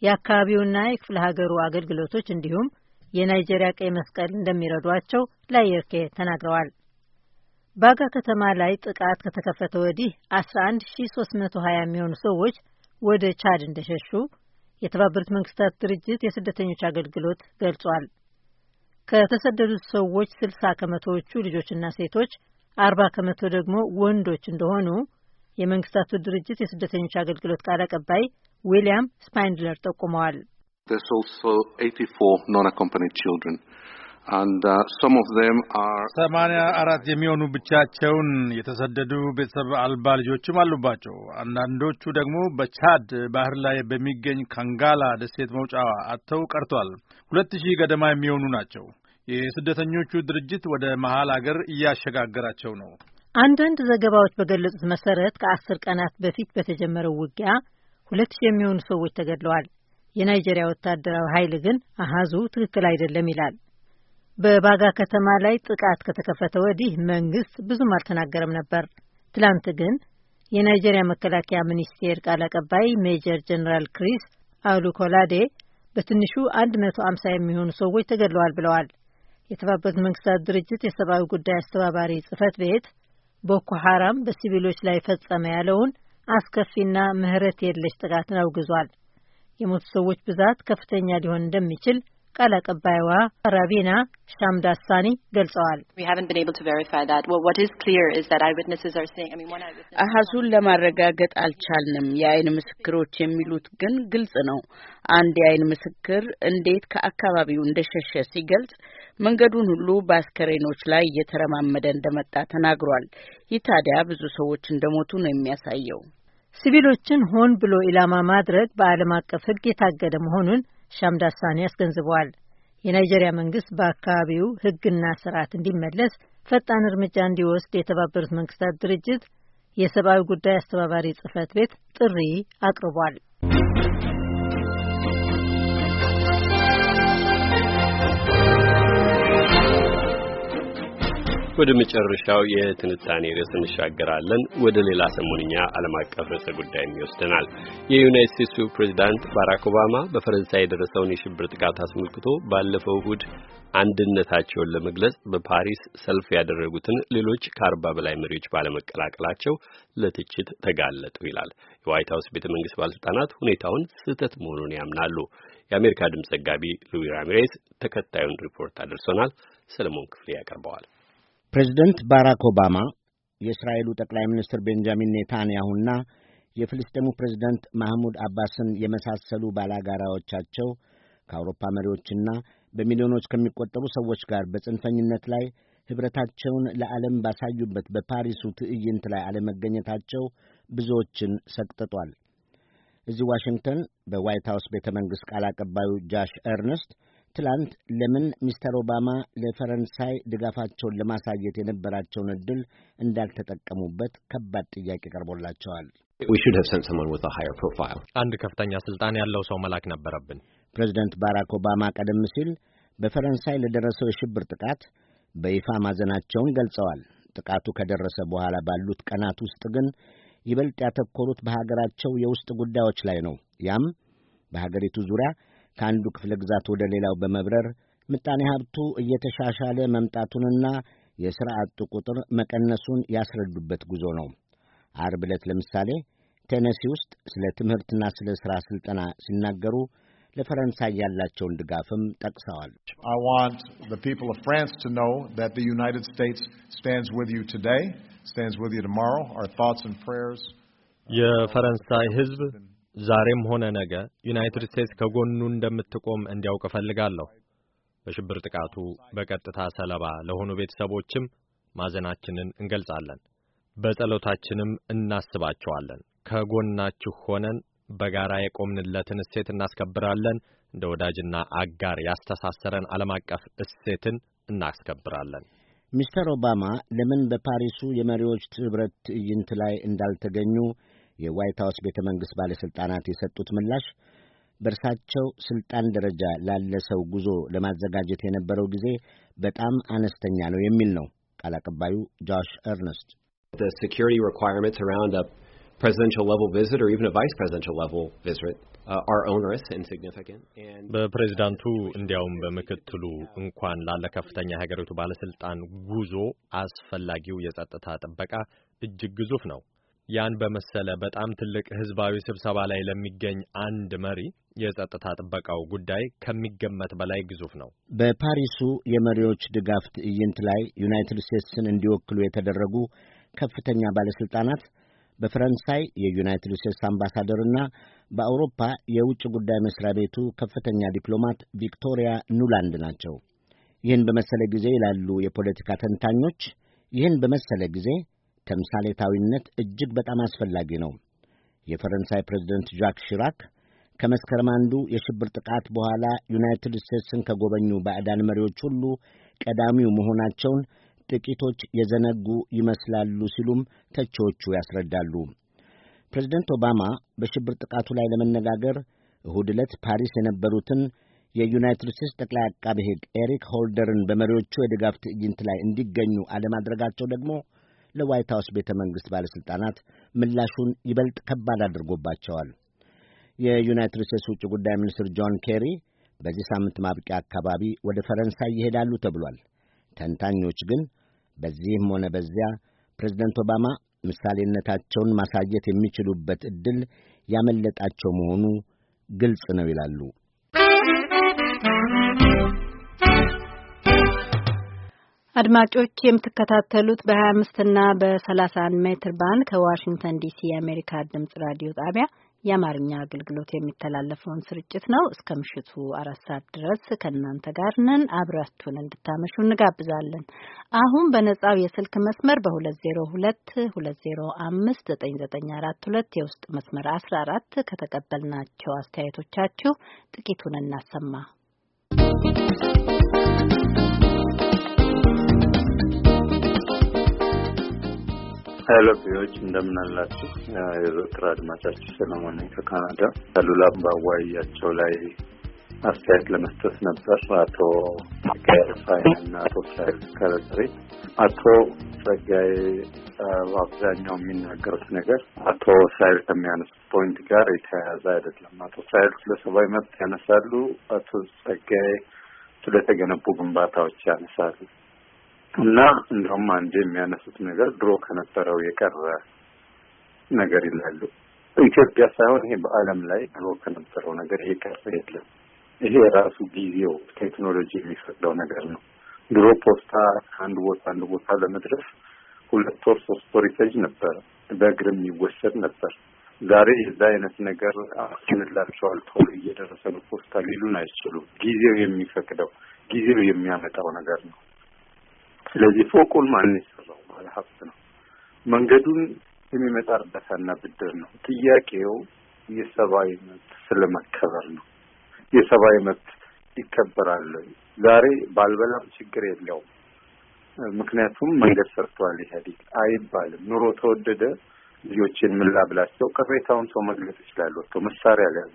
የአካባቢውና የክፍለ ሀገሩ አገልግሎቶች እንዲሁም የናይጄሪያ ቀይ መስቀል እንደሚረዷቸው ላየርኬ ተናግረዋል። ባጋ ከተማ ላይ ጥቃት ከተከፈተ ወዲህ 11320 የሚሆኑ ሰዎች ወደ ቻድ እንደሸሹ የተባበሩት መንግስታት ድርጅት የስደተኞች አገልግሎት ገልጿል። ከተሰደዱት ሰዎች 60 ከመቶዎቹ ልጆችና ሴቶች፣ 40 ከመቶ ደግሞ ወንዶች እንደሆኑ የመንግስታቱ ድርጅት የስደተኞች አገልግሎት ቃል አቀባይ ዊሊያም ስፓይንድለር ጠቁመዋል። ሰማንያ አራት የሚሆኑ ብቻቸውን የተሰደዱ ቤተሰብ አልባ ልጆችም አሉባቸው። አንዳንዶቹ ደግሞ በቻድ ባህር ላይ በሚገኝ ካንጋላ ደሴት መውጫ አጥተው ቀርቷል። ሁለት ሺህ ገደማ የሚሆኑ ናቸው። የስደተኞቹ ድርጅት ወደ መሀል አገር እያሸጋገራቸው ነው። አንዳንድ ዘገባዎች በገለጹት መሰረት ከአስር ቀናት በፊት በተጀመረው ውጊያ ሁለት ሺህ የሚሆኑ ሰዎች ተገድለዋል። የናይጄሪያ ወታደራዊ ኃይል ግን አሃዙ ትክክል አይደለም ይላል። በባጋ ከተማ ላይ ጥቃት ከተከፈተ ወዲህ መንግስት ብዙም አልተናገረም ነበር። ትላንት ግን የናይጄሪያ መከላከያ ሚኒስቴር ቃል አቀባይ ሜጀር ጀነራል ክሪስ አሉ ኮላዴ በትንሹ 150 የሚሆኑ ሰዎች ተገድለዋል ብለዋል። የተባበሩት መንግስታት ድርጅት የሰብአዊ ጉዳይ አስተባባሪ ጽህፈት ቤት ቦኮ ሐራም በሲቪሎች ላይ ፈጸመ ያለውን አስከፊና ምህረት የለሽ ጥቃትን አውግዟል። የሞቱ ሰዎች ብዛት ከፍተኛ ሊሆን እንደሚችል ቃል አቀባይዋ ራቢና ሻምዳሳኒ ገልጸዋል። አሀዙን ለማረጋገጥ አልቻልንም። የአይን ምስክሮች የሚሉት ግን ግልጽ ነው። አንድ የአይን ምስክር እንዴት ከአካባቢው እንደሸሸ ሲገልጽ መንገዱን ሁሉ በአስከሬኖች ላይ እየተረማመደ እንደመጣ ተናግሯል። ይህ ታዲያ ብዙ ሰዎች እንደሞቱ ነው የሚያሳየው። ሲቪሎችን ሆን ብሎ ኢላማ ማድረግ በዓለም አቀፍ ሕግ የታገደ መሆኑን ሻምዳሳኔ አስገንዝበዋል። የናይጄሪያ መንግስት በአካባቢው ህግና ስርዓት እንዲመለስ ፈጣን እርምጃ እንዲወስድ የተባበሩት መንግስታት ድርጅት የሰብአዊ ጉዳይ አስተባባሪ ጽህፈት ቤት ጥሪ አቅርቧል። ወደ መጨረሻው የትንታኔ ርዕስ እንሻገራለን። ወደ ሌላ ሰሞንኛ ዓለም አቀፍ ርዕሰ ጉዳይም ይወስደናል። የዩናይት ስቴትሱ ፕሬዚዳንት ባራክ ኦባማ በፈረንሳይ የደረሰውን የሽብር ጥቃት አስመልክቶ ባለፈው እሁድ አንድነታቸውን ለመግለጽ በፓሪስ ሰልፍ ያደረጉትን ሌሎች ከአርባ በላይ መሪዎች ባለመቀላቀላቸው ለትችት ተጋለጡ ይላል። የዋይት ሀውስ ቤተ መንግስት ባለስልጣናት ሁኔታውን ስህተት መሆኑን ያምናሉ። የአሜሪካ ድምፅ ዘጋቢ ሉዊ ራሚሬስ ተከታዩን ሪፖርት አድርሶናል። ሰለሞን ክፍሌ ያቀርበዋል። ፕሬዚደንት ባራክ ኦባማ የእስራኤሉ ጠቅላይ ሚኒስትር ቤንጃሚን ኔታንያሁና የፍልስጤሙ ፕሬዚደንት ማህሙድ አባስን የመሳሰሉ ባላጋራዎቻቸው ከአውሮፓ መሪዎችና በሚሊዮኖች ከሚቆጠሩ ሰዎች ጋር በጽንፈኝነት ላይ ኅብረታቸውን ለዓለም ባሳዩበት በፓሪሱ ትዕይንት ላይ አለመገኘታቸው ብዙዎችን ሰቅጥጧል። እዚህ ዋሽንግተን በዋይት ሐውስ ቤተ መንግሥት ቃል አቀባዩ ጃሽ ኤርነስት ትላንት ለምን ሚስተር ኦባማ ለፈረንሳይ ድጋፋቸውን ለማሳየት የነበራቸውን ዕድል እንዳልተጠቀሙበት ከባድ ጥያቄ ቀርቦላቸዋል። አንድ ከፍተኛ ስልጣን ያለው ሰው መላክ ነበረብን። ፕሬዚደንት ባራክ ኦባማ ቀደም ሲል በፈረንሳይ ለደረሰው የሽብር ጥቃት በይፋ ማዘናቸውን ገልጸዋል። ጥቃቱ ከደረሰ በኋላ ባሉት ቀናት ውስጥ ግን ይበልጥ ያተኮሩት በሀገራቸው የውስጥ ጉዳዮች ላይ ነው። ያም በሀገሪቱ ዙሪያ ከአንዱ ክፍለ ግዛት ወደ ሌላው በመብረር ምጣኔ ሀብቱ እየተሻሻለ መምጣቱንና የሥራ አጡ ቁጥር መቀነሱን ያስረዱበት ጉዞ ነው። አርብ ዕለት ለምሳሌ ቴነሲ ውስጥ ስለ ትምህርትና ስለ ሥራ ሥልጠና ሲናገሩ ለፈረንሳይ ያላቸውን ድጋፍም ጠቅሰዋል። የፈረንሳይ ሕዝብ ዛሬም ሆነ ነገ ዩናይትድ ስቴትስ ከጎኑ እንደምትቆም እንዲያውቅ እፈልጋለሁ። በሽብር ጥቃቱ በቀጥታ ሰለባ ለሆኑ ቤተሰቦችም ማዘናችንን እንገልጻለን። በጸሎታችንም እናስባቸዋለን። ከጎናችሁ ሆነን በጋራ የቆምንለትን እሴት እናስከብራለን። እንደ ወዳጅና አጋር ያስተሳሰረን ዓለም አቀፍ እሴትን እናስከብራለን። ሚስተር ኦባማ ለምን በፓሪሱ የመሪዎች ትብረት ትዕይንት ላይ እንዳልተገኙ የዋይት ሀውስ ቤተ መንግሥት ባለሥልጣናት የሰጡት ምላሽ በእርሳቸው ሥልጣን ደረጃ ላለ ሰው ጉዞ ለማዘጋጀት የነበረው ጊዜ በጣም አነስተኛ ነው የሚል ነው። ቃል አቀባዩ ጆሽ ኤርነስት uh, በፕሬዚዳንቱ እንዲያውም በምክትሉ እንኳን ላለ ከፍተኛ የሀገሪቱ ባለስልጣን ጉዞ አስፈላጊው የጸጥታ ጥበቃ እጅግ ግዙፍ ነው። ያን በመሰለ በጣም ትልቅ ህዝባዊ ስብሰባ ላይ ለሚገኝ አንድ መሪ የጸጥታ ጥበቃው ጉዳይ ከሚገመት በላይ ግዙፍ ነው። በፓሪሱ የመሪዎች ድጋፍ ትዕይንት ላይ ዩናይትድ ስቴትስን እንዲወክሉ የተደረጉ ከፍተኛ ባለሥልጣናት በፈረንሳይ የዩናይትድ ስቴትስ አምባሳደርና በአውሮፓ የውጭ ጉዳይ መስሪያ ቤቱ ከፍተኛ ዲፕሎማት ቪክቶሪያ ኑላንድ ናቸው። ይህን በመሰለ ጊዜ ይላሉ የፖለቲካ ተንታኞች፣ ይህን በመሰለ ጊዜ ተምሳሌታዊነት እጅግ በጣም አስፈላጊ ነው። የፈረንሳይ ፕሬዚደንት ዣክ ሺራክ ከመስከረም አንዱ የሽብር ጥቃት በኋላ ዩናይትድ ስቴትስን ከጎበኙ ባዕዳን መሪዎች ሁሉ ቀዳሚው መሆናቸውን ጥቂቶች የዘነጉ ይመስላሉ ሲሉም ተቺዎቹ ያስረዳሉ። ፕሬዚደንት ኦባማ በሽብር ጥቃቱ ላይ ለመነጋገር እሁድ ዕለት ፓሪስ የነበሩትን የዩናይትድ ስቴትስ ጠቅላይ አቃቤ ሕግ ኤሪክ ሆልደርን በመሪዎቹ የድጋፍ ትዕይንት ላይ እንዲገኙ አለማድረጋቸው ደግሞ ለዋይት ሀውስ ቤተ መንግሥት ባለሥልጣናት ምላሹን ይበልጥ ከባድ አድርጎባቸዋል። የዩናይትድ ስቴትስ ውጭ ጉዳይ ሚኒስትር ጆን ኬሪ በዚህ ሳምንት ማብቂያ አካባቢ ወደ ፈረንሳይ ይሄዳሉ ተብሏል። ተንታኞች ግን በዚህም ሆነ በዚያ ፕሬዝደንት ኦባማ ምሳሌነታቸውን ማሳየት የሚችሉበት ዕድል ያመለጣቸው መሆኑ ግልጽ ነው ይላሉ። አድማጮች የምትከታተሉት በ25 እና በ31 ሜትር ባንድ ከዋሽንግተን ዲሲ የአሜሪካ ድምጽ ራዲዮ ጣቢያ የአማርኛ አገልግሎት የሚተላለፈውን ስርጭት ነው። እስከ ምሽቱ አራት ሰዓት ድረስ ከእናንተ ጋር ነን። አብራችሁን እንድታመሹ እንጋብዛለን። አሁን በነጻው የስልክ መስመር በሁለት ዜሮ ሁለት ሁለት ዜሮ አምስት ዘጠኝ ዘጠኝ አራት ሁለት የውስጥ መስመር አስራ አራት ከተቀበልናቸው አስተያየቶቻችሁ ጥቂቱን እናሰማ። ሄሎ ቪዎች እንደምን አላችሁ? የዘወትር አድማጫችሁ ሰለሞን ከካናዳ። ሰሉላ ባዋያቸው ላይ አስተያየት ለመስጠት ነበር። አቶ ፋይና አቶ ከረጥሬ አቶ ጸጋዬ በአብዛኛው የሚናገሩት ነገር አቶ ሳይል ከሚያነሱት ፖይንት ጋር የተያያዘ አይደለም። አቶ ሳይል ስለ ሰብአዊ መብት ያነሳሉ። አቶ ጸጋዬ ስለተገነቡ ግንባታዎች ያነሳሉ። እና እንደውም አንድ የሚያነሱት ነገር ድሮ ከነበረው የቀረ ነገር ይላሉ። ኢትዮጵያ ሳይሆን ይሄ በዓለም ላይ ድሮ ከነበረው ነገር ቀረ የለም። ይሄ የራሱ ጊዜው ቴክኖሎጂ የሚፈቅደው ነገር ነው። ድሮ ፖስታ ከአንድ ቦታ አንድ ቦታ ለመድረስ ሁለት ወር ሶስት ወር ይፈጅ ነበር፣ በእግር የሚወሰድ ነበር። ዛሬ የዛ አይነት ነገር አስችንላቸዋል። ቶሎ እየደረሰ ነው ፖስታ ሊሉን አይችሉም። ጊዜው የሚፈቅደው ጊዜው የሚያመጣው ነገር ነው። ስለዚህ ፎቁን ማን ይሰራው? የሰራው? ሀብት ነው። መንገዱን የሚመጣ እርዳታና ብድር ነው። ጥያቄው የሰብአዊ መብት ስለመከበር ነው። የሰብአዊ መብት ይከበራል። ዛሬ ባልበላም ችግር የለውም። ምክንያቱም መንገድ ሰርቷል ኢህአዴግ አይባልም። ኑሮ ተወደደ፣ ልጆችን ምን ብላቸው ቅሬታውን ሰው መግለጽ ይችላል። ወጥቶ መሳሪያ ሊያዘ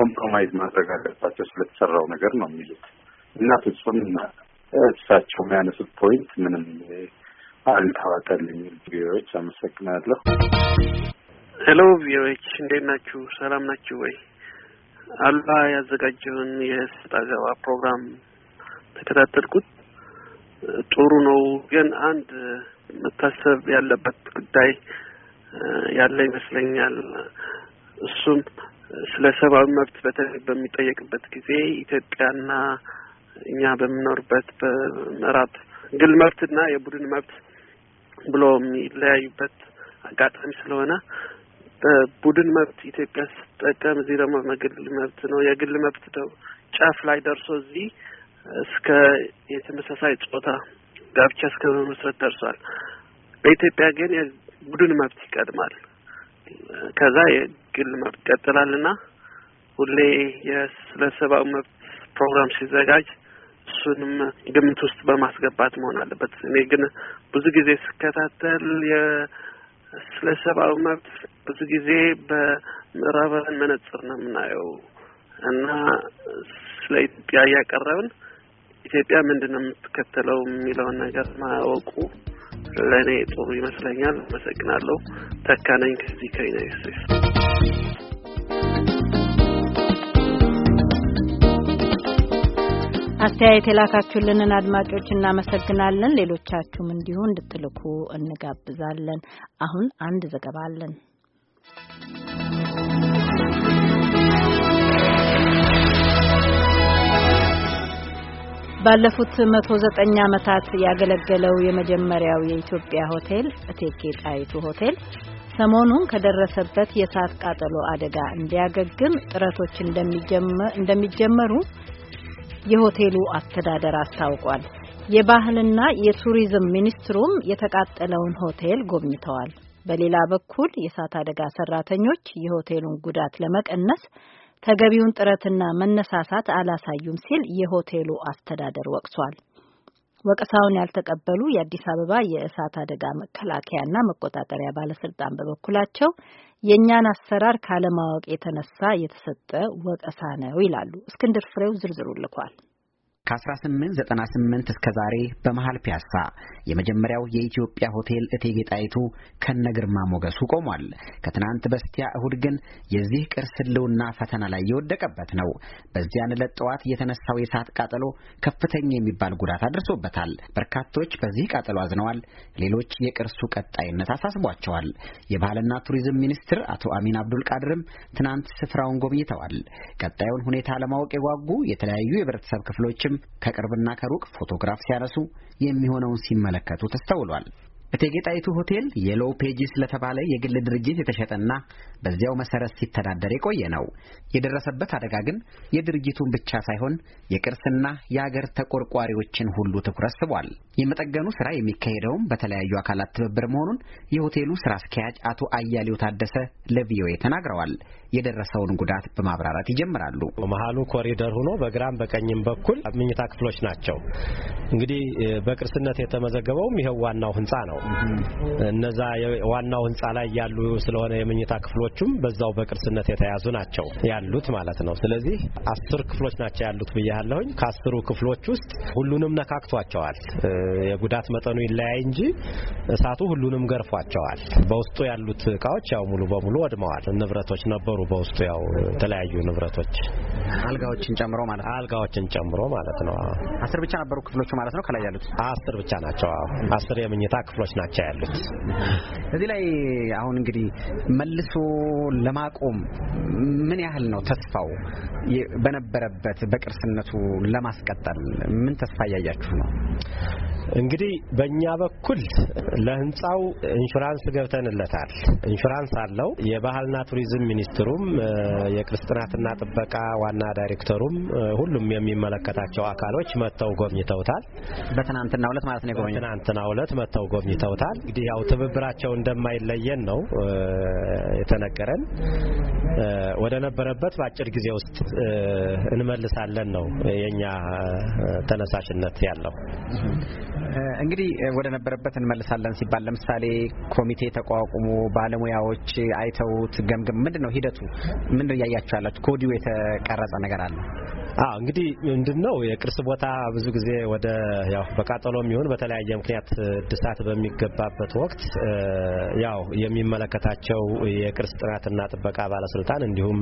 ኮምፕሮማይዝ ማድረግ አለባቸው ስለተሰራው ነገር ነው የሚሉት እና ፍጹም እና እሳቸው የሚያነሱት ፖይንት ምንም አልተዋጠልኝም። ቪዎች አመሰግናለሁ። ሄሎ ቪዎች እንዴት ናችሁ? ሰላም ናችሁ ወይ? አሉላ ያዘጋጀውን የሰጥ አገባ ፕሮግራም ተከታተልኩት። ጥሩ ነው፣ ግን አንድ መታሰብ ያለበት ጉዳይ ያለ ይመስለኛል። እሱም ስለ ሰብአዊ መብት በተለይ በሚጠየቅበት ጊዜ ኢትዮጵያና እኛ በምኖርበት በምዕራብ ግል መብትና የቡድን መብት ብሎ የሚለያዩበት አጋጣሚ ስለሆነ በቡድን መብት ኢትዮጵያ ስትጠቀም፣ እዚህ ደግሞ መግል መብት ነው። የግል መብት ጫፍ ላይ ደርሶ እዚህ እስከ የተመሳሳይ ጾታ ጋብቻ እስከ መመስረት ደርሷል። በኢትዮጵያ ግን የቡድን መብት ይቀድማል፣ ከዛ የግል መብት ይቀጥላል እና ሁሌ ስለ ሰብአዊ መብት ፕሮግራም ሲዘጋጅ እሱንም ግምት ውስጥ በማስገባት መሆን አለበት። እኔ ግን ብዙ ጊዜ ስከታተል ስለ ሰብአዊ መብት ብዙ ጊዜ በምዕራባውያን መነጽር ነው የምናየው እና ስለ ኢትዮጵያ እያቀረብን ኢትዮጵያ ምንድን ነው የምትከተለው የሚለውን ነገር ማወቁ ለእኔ ጥሩ ይመስለኛል። አመሰግናለሁ። ተካነኝ ከዚህ ከዩናይት ስቴትስ አስተያየት የላካችሁልንን አድማጮች እናመሰግናለን። ሌሎቻችሁም እንዲሁ እንድትልኩ እንጋብዛለን። አሁን አንድ ዘገባ አለን። ባለፉት መቶ ዘጠኝ ዓመታት ያገለገለው የመጀመሪያው የኢትዮጵያ ሆቴል እቴጌ ጣይቱ ሆቴል ሰሞኑን ከደረሰበት የእሳት ቃጠሎ አደጋ እንዲያገግም ጥረቶች እንደሚጀመሩ የሆቴሉ አስተዳደር አስታውቋል። የባህልና የቱሪዝም ሚኒስትሩም የተቃጠለውን ሆቴል ጎብኝተዋል። በሌላ በኩል የእሳት አደጋ ሰራተኞች የሆቴሉን ጉዳት ለመቀነስ ተገቢውን ጥረትና መነሳሳት አላሳዩም ሲል የሆቴሉ አስተዳደር ወቅሷል። ወቀሳውን ያልተቀበሉ የአዲስ አበባ የእሳት አደጋ መከላከያና መቆጣጠሪያ ባለስልጣን በበኩላቸው የእኛን አሰራር ካለማወቅ የተነሳ የተሰጠ ወቀሳ ነው ይላሉ። እስክንድር ፍሬው ዝርዝሩ ልኳል። ከ1898 እስከ ዛሬ በመሃል ፒያሳ የመጀመሪያው የኢትዮጵያ ሆቴል እቴጌ ጣይቱ ከነ ግርማ ሞገሱ ቆሟል። ከትናንት በስቲያ እሁድ ግን የዚህ ቅርስ ልውና ፈተና ላይ የወደቀበት ነው። በዚያን ዕለት ጠዋት የተነሳው የእሳት ቃጠሎ ከፍተኛ የሚባል ጉዳት አድርሶበታል። በርካቶች በዚህ ቃጠሎ አዝነዋል፣ ሌሎች የቅርሱ ቀጣይነት አሳስቧቸዋል። የባህልና ቱሪዝም ሚኒስትር አቶ አሚን አብዱል ቃድርም ትናንት ስፍራውን ጎብኝተዋል። ቀጣዩን ሁኔታ ለማወቅ የጓጉ የተለያዩ የህብረተሰብ ክፍሎችም ሰዎችም ከቅርብና ከሩቅ ፎቶግራፍ ሲያነሱ የሚሆነውን ሲመለከቱ ተስተውሏል። እቴጌ ጣይቱ ሆቴል የሎው ፔጅስ ለተባለ የግል ድርጅት የተሸጠና በዚያው መሰረት ሲተዳደር የቆየ ነው። የደረሰበት አደጋ ግን የድርጅቱን ብቻ ሳይሆን የቅርስና የአገር ተቆርቋሪዎችን ሁሉ ትኩረት ስቧል። የመጠገኑ ስራ የሚካሄደውም በተለያዩ አካላት ትብብር መሆኑን የሆቴሉ ስራ አስኪያጅ አቶ አያሌው ታደሰ ለቪኦኤ ተናግረዋል። የደረሰውን ጉዳት በማብራራት ይጀምራሉ። መሀሉ ኮሪደር ሆኖ በግራም በቀኝም በኩል ምኝታ ክፍሎች ናቸው። እንግዲህ በቅርስነት የተመዘገበውም ይኸው ዋናው ህንፃ ነው። እነዛ ዋናው ህንጻ ላይ ያሉ ስለሆነ የመኝታ ክፍሎቹም በዛው በቅርስነት የተያዙ ናቸው ያሉት ማለት ነው። ስለዚህ አስር ክፍሎች ናቸው ያሉት ብያለሁኝ። ከአስሩ ክፍሎች ውስጥ ሁሉንም ነካክቷቸዋል። የጉዳት መጠኑ ይለያይ እንጂ እሳቱ ሁሉንም ገርፏቸዋል። በውስጡ ያሉት እቃዎች ያው ሙሉ በሙሉ ወድመዋል። ንብረቶች ነበሩ በውስጡ ያው የተለያዩ ንብረቶች አልጋዎችን ጨምሮ ማለት ነው። አልጋዎችን ጨምሮ ማለት ነው። አስር ብቻ ነበሩ ክፍሎቹ ማለት ነው። ከላይ ያሉት አስር ብቻ ናቸው። አስር የመኝታ ክፍሎች ሁኔታዎች ናቸው ያሉት። እዚህ ላይ አሁን እንግዲህ መልሶ ለማቆም ምን ያህል ነው ተስፋው? በነበረበት በቅርስነቱ ለማስቀጠል ምን ተስፋ እያያችሁ ነው? እንግዲህ በእኛ በኩል ለህንፃው ኢንሹራንስ ገብተንለታል። ኢንሹራንስ አለው። የባህልና ቱሪዝም ሚኒስትሩም የቅርስ ጥናትና ጥበቃ ዋና ዳይሬክተሩም ሁሉም የሚመለከታቸው አካሎች መጥተው ጎብኝተውታል። በትናንትና ዕለት ማለት ነው። በትናንትና ዕለት መጥተው ጎብኝ አመልክተውታል። እንግዲህ ያው ትብብራቸው እንደማይለየን ነው የተነገረን። ወደ ነበረበት በአጭር ጊዜ ውስጥ እንመልሳለን ነው የኛ ተነሳሽነት ያለው። እንግዲህ ወደ ነበረበት እንመልሳለን ሲባል ለምሳሌ ኮሚቴ ተቋቁሞ ባለሙያዎች አይተውት ገምገም ምንድን ነው ሂደቱ? ምንድን ነው እያያችሁ ያላችሁ? ከወዲሁ የተቀረጸ ነገር አለ? አዎ እንግዲህ ምንድነው የቅርስ ቦታ ብዙ ጊዜ ወደ ያው በቃጠሎ የሚሆን በተለያየ ምክንያት እድሳት በሚገባበት ወቅት ያው የሚመለከታቸው የቅርስ ጥናትና ጥበቃ ባለስልጣን እንዲሁም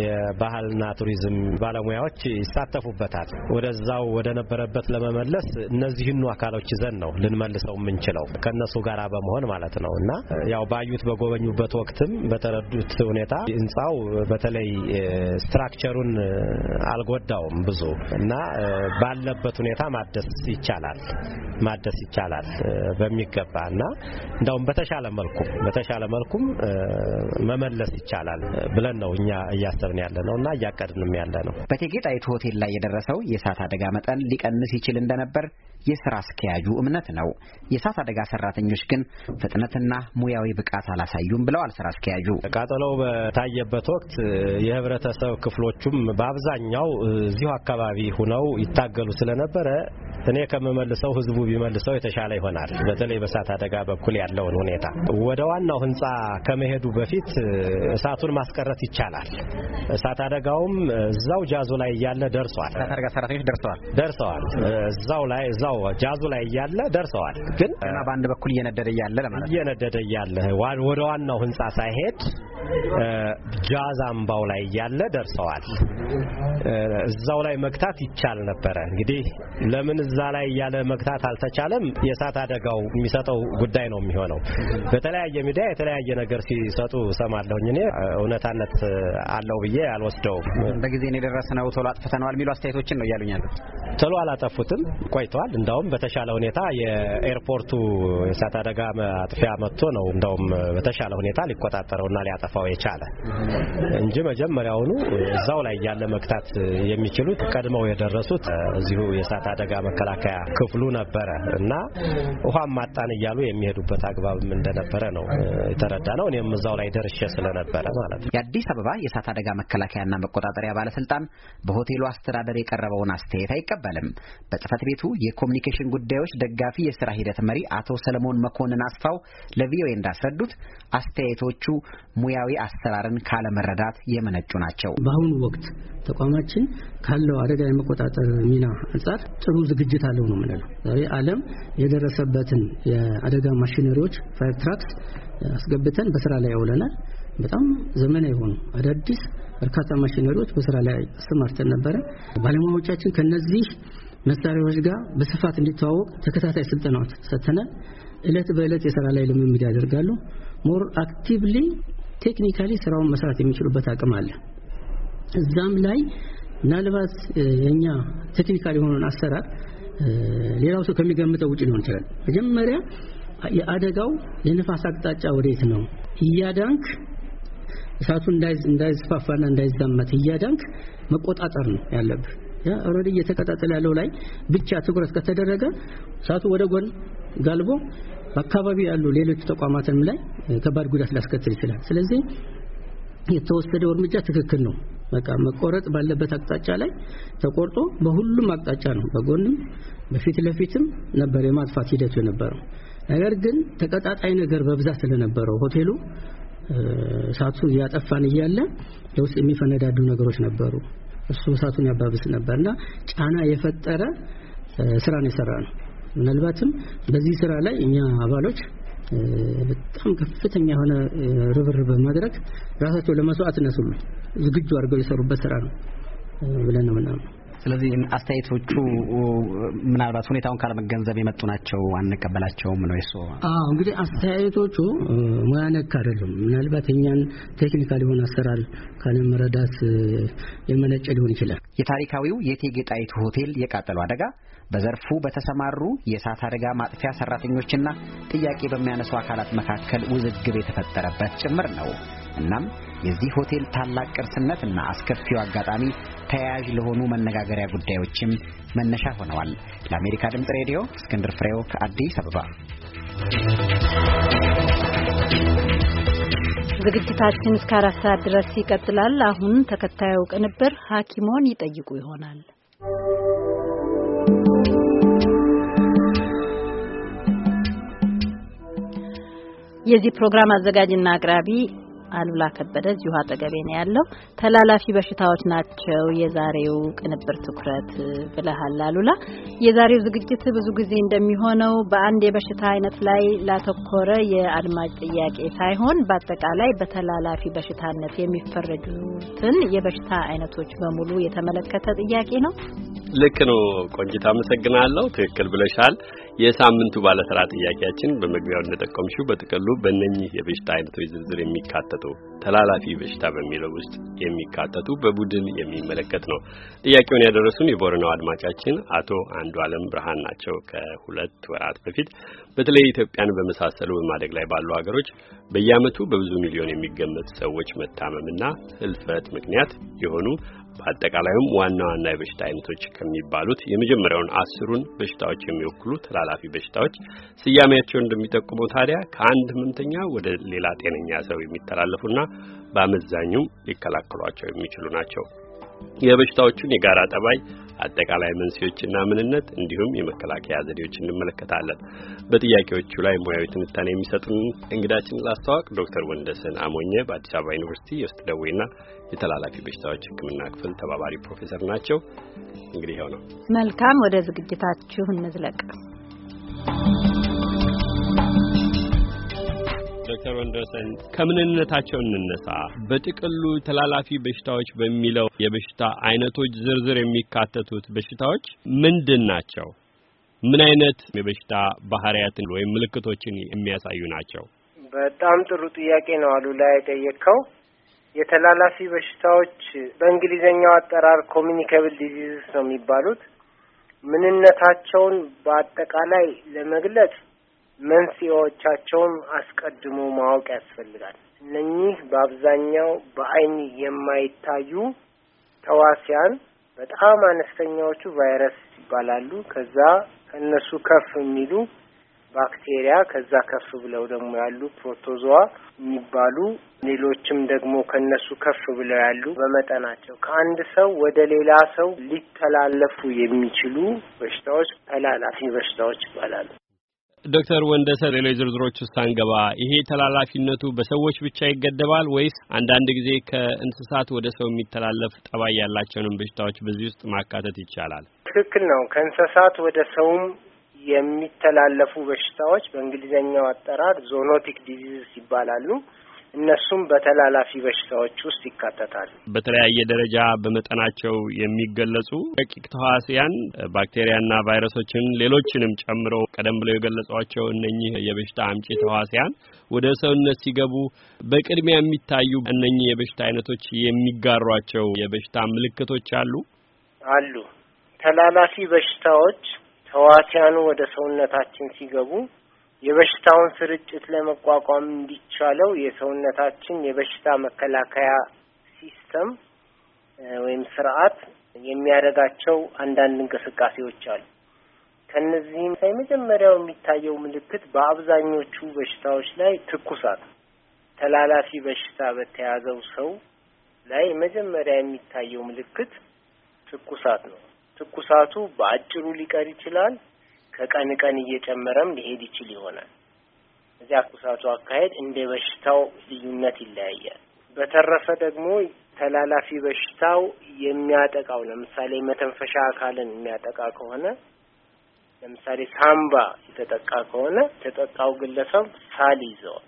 የባህልና ቱሪዝም ባለሙያዎች ይሳተፉበታል። ወደዛው ወደ ነበረበት ለመመለስ እነዚህኑ አካሎች ይዘን ነው ልንመልሰው የምንችለው ከነሱ ጋር በመሆን ማለት ነው እና ያው ባዩት በጎበኙበት ወቅትም በተረዱት ሁኔታ ህንፃው በተለይ ስትራክቸሩን አልጎዳውም ብዙ እና ባለበት ሁኔታ ማደስ ይቻላል ማደስ ይቻላል በሚገባ እና እንዳውም በተሻለ መልኩ በተሻለ መልኩም መመለስ ይቻላል ብለን ነው እኛ እያሰብን ያለ ነው እና እያቀድንም ያለ ነው። በእቴጌ ጣይቱ ሆቴል ላይ የደረሰው የእሳት አደጋ መጠን ሊቀንስ ይችል እንደነበር የስራ አስኪያጁ እምነት ነው። የእሳት አደጋ ሰራተኞች ግን ፍጥነትና ሙያዊ ብቃት አላሳዩም ብለዋል ስራ አስኪያጁ። ቃጠሎው በታየበት ወቅት የህብረተሰብ ክፍሎቹም በአብዛኛው እዚሁ አካባቢ ሁነው ይታገሉ ስለነበረ እኔ ከምመልሰው ህዝቡ ቢመልሰው የተሻለ ይሆናል። በተለይ በእሳት አደጋ በኩል ያለውን ሁኔታ ወደ ዋናው ህንፃ ከመሄዱ በፊት እሳቱን ማስቀረት ይቻላል። እሳት አደጋውም እዛው ጃዙ ላይ እያለ ደርሷል። እሳት አደጋ ሰራተኞች ደርሰዋል ደርሰዋል እዛው ላይ እዛው ያው ጃዙ ላይ እያለ ደርሰዋል። ግን እና በአንድ በኩል እየነደደ እያለ ለማለት እየነደደ እያለ ወደ ዋናው ህንጻ ሳይሄድ ጃዝ አምባው ላይ እያለ ደርሰዋል። እዛው ላይ መግታት ይቻል ነበረ። እንግዲህ ለምን እዛ ላይ እያለ መግታት አልተቻለም? የእሳት አደጋው የሚሰጠው ጉዳይ ነው የሚሆነው። በተለያየ ሚዲያ የተለያየ ነገር ሲሰጡ ሰማለሁ እኔ እውነታነት አለው ብዬ አልወስደውም። በጊዜ ነው የደረስነው ቶሎ አጥፍተነዋል የሚሉ አስተያየቶችን ነው እያሉኛሉ። ቶሎ አላጠፉትም፣ ቆይተዋል። እንዳውም በተሻለ ሁኔታ የኤርፖርቱ የእሳት አደጋ ማጥፊያ መጥቶ ነው እንዳውም በተሻለ ሁኔታ ሊቆጣጠረውና ሊያጠፋው የቻለ እንጂ መጀመሪያውኑ እዛው ላይ ያለ መግታት የሚችሉት ቀድመው የደረሱት እዚሁ የእሳት አደጋ መከላከያ ክፍሉ ነበረ እና ውሃም ማጣን እያሉ የሚሄዱበት አግባብም እንደነበረ ነው የተረዳ ነው። እኔም እዛው ላይ ደርሼ ስለነበረ ማለት ነው። የአዲስ አበባ የእሳት አደጋ መከላከያና መቆጣጠሪያ ባለስልጣን በሆቴሉ አስተዳደር የቀረበውን አስተያየት አይቀበልም። በጽህፈት ቤቱ የኮ የኮሚኒኬሽን ጉዳዮች ደጋፊ የስራ ሂደት መሪ አቶ ሰለሞን መኮንን አስፋው ለቪኦኤ እንዳስረዱት አስተያየቶቹ ሙያዊ አሰራርን ካለመረዳት የመነጩ ናቸው። በአሁኑ ወቅት ተቋማችን ካለው አደጋ የመቆጣጠር ሚና አንጻር ጥሩ ዝግጅት አለው ነው የምንለው። ዛሬ ዓለም የደረሰበትን የአደጋ ማሽነሪዎች ፋየር ትራክስ አስገብተን በስራ ላይ ያውለናል። በጣም ዘመናዊ የሆኑ አዳዲስ በርካታ ማሽነሪዎች በስራ ላይ አሰማርተን ነበረ። ባለሙያዎቻችን ከነዚህ መሳሪያዎች ጋር በስፋት እንዲተዋወቅ ተከታታይ ስልጠናዎች ሰጥተናል። እለት በእለት የስራ ላይ ልምምድ ያደርጋሉ። ሞር አክቲቭሊ ቴክኒካሊ ስራውን መስራት የሚችሉበት አቅም አለ። እዛም ላይ ምናልባት የእኛ ቴክኒካል የሆነውን አሰራር ሌላው ሰው ከሚገምተው ውጭ ሊሆን ይችላል። መጀመሪያ የአደጋው የንፋስ አቅጣጫ ወዴት ነው እያዳንክ እሳቱ እንዳይስፋፋና እንዳይዛመት እያዳንክ መቆጣጠር ነው ያለብህ። ኦልሬዲ እየተቀጣጠለ ያለው ላይ ብቻ ትኩረት ከተደረገ እሳቱ ወደ ጎን ጋልቦ በአካባቢው ያሉ ሌሎች ተቋማትም ላይ ከባድ ጉዳት ሊያስከትል ይችላል። ስለዚህ የተወሰደው እርምጃ ትክክል ነው። በቃ መቆረጥ ባለበት አቅጣጫ ላይ ተቆርጦ በሁሉም አቅጣጫ ነው፣ በጎንም በፊት ለፊትም ነበር የማጥፋት ሂደቱ የነበረው። ነገር ግን ተቀጣጣይ ነገር በብዛት ስለነበረው ሆቴሉ እሳቱ እያጠፋን እያለ ለውስጥ የሚፈነዳዱ ነገሮች ነበሩ። እሱ እሳቱን ያባብስ ነበርና ጫና የፈጠረ ስራን የሰራ ነው። ምናልባትም በዚህ ስራ ላይ እኛ አባሎች በጣም ከፍተኛ የሆነ ርብርብ በማድረግ ራሳቸው ለመስዋዕትነት ሁሉ ዝግጁ አድርገው የሰሩበት ስራ ነው ብለን ነው ምናምን ስለዚህ አስተያየቶቹ ምናልባት ሁኔታውን ካለመገንዘብ የመጡ ናቸው፣ አንቀበላቸውም ነው የሱ። እንግዲህ አስተያየቶቹ ሙያ ነክ አይደሉም። ምናልባት እኛን ቴክኒካል የሆነ አሰራር ካለመረዳት የመነጨ ሊሆን ይችላል። የታሪካዊው የእቴጌ ጣይቱ ሆቴል የቃጠሎ አደጋ በዘርፉ በተሰማሩ የእሳት አደጋ ማጥፊያ ሰራተኞችና ጥያቄ በሚያነሱ አካላት መካከል ውዝግብ የተፈጠረበት ጭምር ነው። እናም የዚህ ሆቴል ታላቅ ቅርስነትና አስከፊው አጋጣሚ ተያያዥ ለሆኑ መነጋገሪያ ጉዳዮችም መነሻ ሆነዋል። ለአሜሪካ ድምፅ ሬዲዮ እስክንድር ፍሬው ከአዲስ አበባ። ዝግጅታችን እስከ አራት ሰዓት ድረስ ይቀጥላል። አሁን ተከታዩ ቅንብር ሐኪሞን ይጠይቁ ይሆናል። የዚህ ፕሮግራም አዘጋጅና አቅራቢ አሉላ ከበደ እዚሁ አጠገቤ ነው ያለው። ተላላፊ በሽታዎች ናቸው የዛሬው ቅንብር ትኩረት ብለሃል አሉላ። የዛሬው ዝግጅት ብዙ ጊዜ እንደሚሆነው በአንድ የበሽታ አይነት ላይ ላተኮረ የአድማጭ ጥያቄ ሳይሆን በአጠቃላይ በተላላፊ በሽታነት የሚፈረጁትን የበሽታ አይነቶች በሙሉ የተመለከተ ጥያቄ ነው። ልክ ነው ቆንጂት፣ አመሰግናለሁ። ትክክል ብለሻል። የሳምንቱ ባለስራ ጥያቄያችን በመግቢያው እንደጠቀምሽው በጥቅሉ በእነኚህ የበሽታ አይነቶች ዝርዝር የሚካተቱ ተላላፊ በሽታ በሚለው ውስጥ የሚካተቱ በቡድን የሚመለከት ነው። ጥያቄውን ያደረሱን የቦረናው አድማጫችን አቶ አንዱ አለም ብርሃን ናቸው። ከሁለት ወራት በፊት በተለይ ኢትዮጵያን በመሳሰሉ በማደግ ላይ ባሉ ሀገሮች በየአመቱ በብዙ ሚሊዮን የሚገመት ሰዎች መታመምና ህልፈት ምክንያት የሆኑ በአጠቃላይም ዋና ዋና የበሽታ አይነቶች ከሚባሉት የመጀመሪያውን አስሩን በሽታዎች የሚወክሉ ተላላፊ በሽታዎች ስያሜያቸው እንደሚጠቁመው ታዲያ ከአንድ ህመምተኛ ወደ ሌላ ጤነኛ ሰው የሚተላለፉና በአመዛኙም ሊከላከሏቸው የሚችሉ ናቸው። የበሽታዎቹን የጋራ ጠባይ አጠቃላይ መንስኤዎችና ምንነት እንዲሁም የመከላከያ ዘዴዎች እንመለከታለን። በጥያቄዎቹ ላይ ሙያዊ ትንታኔ የሚሰጡን እንግዳችን ላስተዋወቅ ዶክተር ወንደሰን አሞኘ በአዲስ አበባ ዩኒቨርሲቲ የውስጥ ደዌና የተላላፊ በሽታዎች ሕክምና ክፍል ተባባሪ ፕሮፌሰር ናቸው። እንግዲህ ይኸው ነው። መልካም፣ ወደ ዝግጅታችሁ እንዝለቅ። ዶክተር ከምንነታቸው እንነሳ። በጥቅሉ ተላላፊ በሽታዎች በሚለው የበሽታ አይነቶች ዝርዝር የሚካተቱት በሽታዎች ምንድን ናቸው? ምን አይነት የበሽታ ባህሪያትን ወይም ምልክቶችን የሚያሳዩ ናቸው? በጣም ጥሩ ጥያቄ ነው አሉላ የጠየቅከው። የተላላፊ በሽታዎች በእንግሊዝኛው አጠራር ኮሚኒኬብል ዲዚዝስ ነው የሚባሉት። ምንነታቸውን በአጠቃላይ ለመግለጽ መንስኤዎቻቸውን አስቀድሞ ማወቅ ያስፈልጋል። እነኚህ በአብዛኛው በአይን የማይታዩ ተዋሲያን በጣም አነስተኛዎቹ ቫይረስ ይባላሉ። ከዛ ከእነሱ ከፍ የሚሉ ባክቴሪያ፣ ከዛ ከፍ ብለው ደግሞ ያሉ ፕሮቶዞዋ የሚባሉ ሌሎችም ደግሞ ከእነሱ ከፍ ብለው ያሉ በመጠናቸው ከአንድ ሰው ወደ ሌላ ሰው ሊተላለፉ የሚችሉ በሽታዎች ተላላፊ በሽታዎች ይባላሉ። ዶክተር ወንደሰ ሌሎች ዝርዝሮች ውስጥ አንገባ። ይሄ ተላላፊነቱ በሰዎች ብቻ ይገደባል ወይስ አንዳንድ ጊዜ ከእንስሳት ወደ ሰው የሚተላለፍ ጠባይ ያላቸውንም በሽታዎች በዚህ ውስጥ ማካተት ይቻላል? ትክክል ነው። ከእንስሳት ወደ ሰውም የሚተላለፉ በሽታዎች በእንግሊዝኛው አጠራር ዞኖቲክ ዲዚዝ ይባላሉ። እነሱም በተላላፊ በሽታዎች ውስጥ ይካተታሉ። በተለያየ ደረጃ በመጠናቸው የሚገለጹ ረቂቅ ተህዋሲያን ባክቴሪያና ቫይረሶችን ሌሎችንም ጨምሮ ቀደም ብለው የገለጿቸው እነኚህ የበሽታ አምጪ ተህዋሲያን ወደ ሰውነት ሲገቡ በቅድሚያ የሚታዩ እነኚህ የበሽታ አይነቶች የሚጋሯቸው የበሽታ ምልክቶች አሉ አሉ። ተላላፊ በሽታዎች ተህዋሲያኑ ወደ ሰውነታችን ሲገቡ የበሽታውን ስርጭት ለመቋቋም እንዲቻለው የሰውነታችን የበሽታ መከላከያ ሲስተም ወይም ስርዓት የሚያደርጋቸው አንዳንድ እንቅስቃሴዎች አሉ። ከነዚህም የመጀመሪያው የሚታየው ምልክት በአብዛኞቹ በሽታዎች ላይ ትኩሳት፣ ተላላፊ በሽታ በተያዘው ሰው ላይ መጀመሪያ የሚታየው ምልክት ትኩሳት ነው። ትኩሳቱ በአጭሩ ሊቀር ይችላል፣ ከቀን ቀን እየጨመረም ሊሄድ ይችል ይሆናል። እዚያ ቁሳቱ አካሄድ እንደ በሽታው ልዩነት ይለያያል። በተረፈ ደግሞ ተላላፊ በሽታው የሚያጠቃው ለምሳሌ መተንፈሻ አካልን የሚያጠቃ ከሆነ ለምሳሌ ሳምባ የተጠቃ ከሆነ የተጠቃው ግለሰብ ሳል ይዘዋል።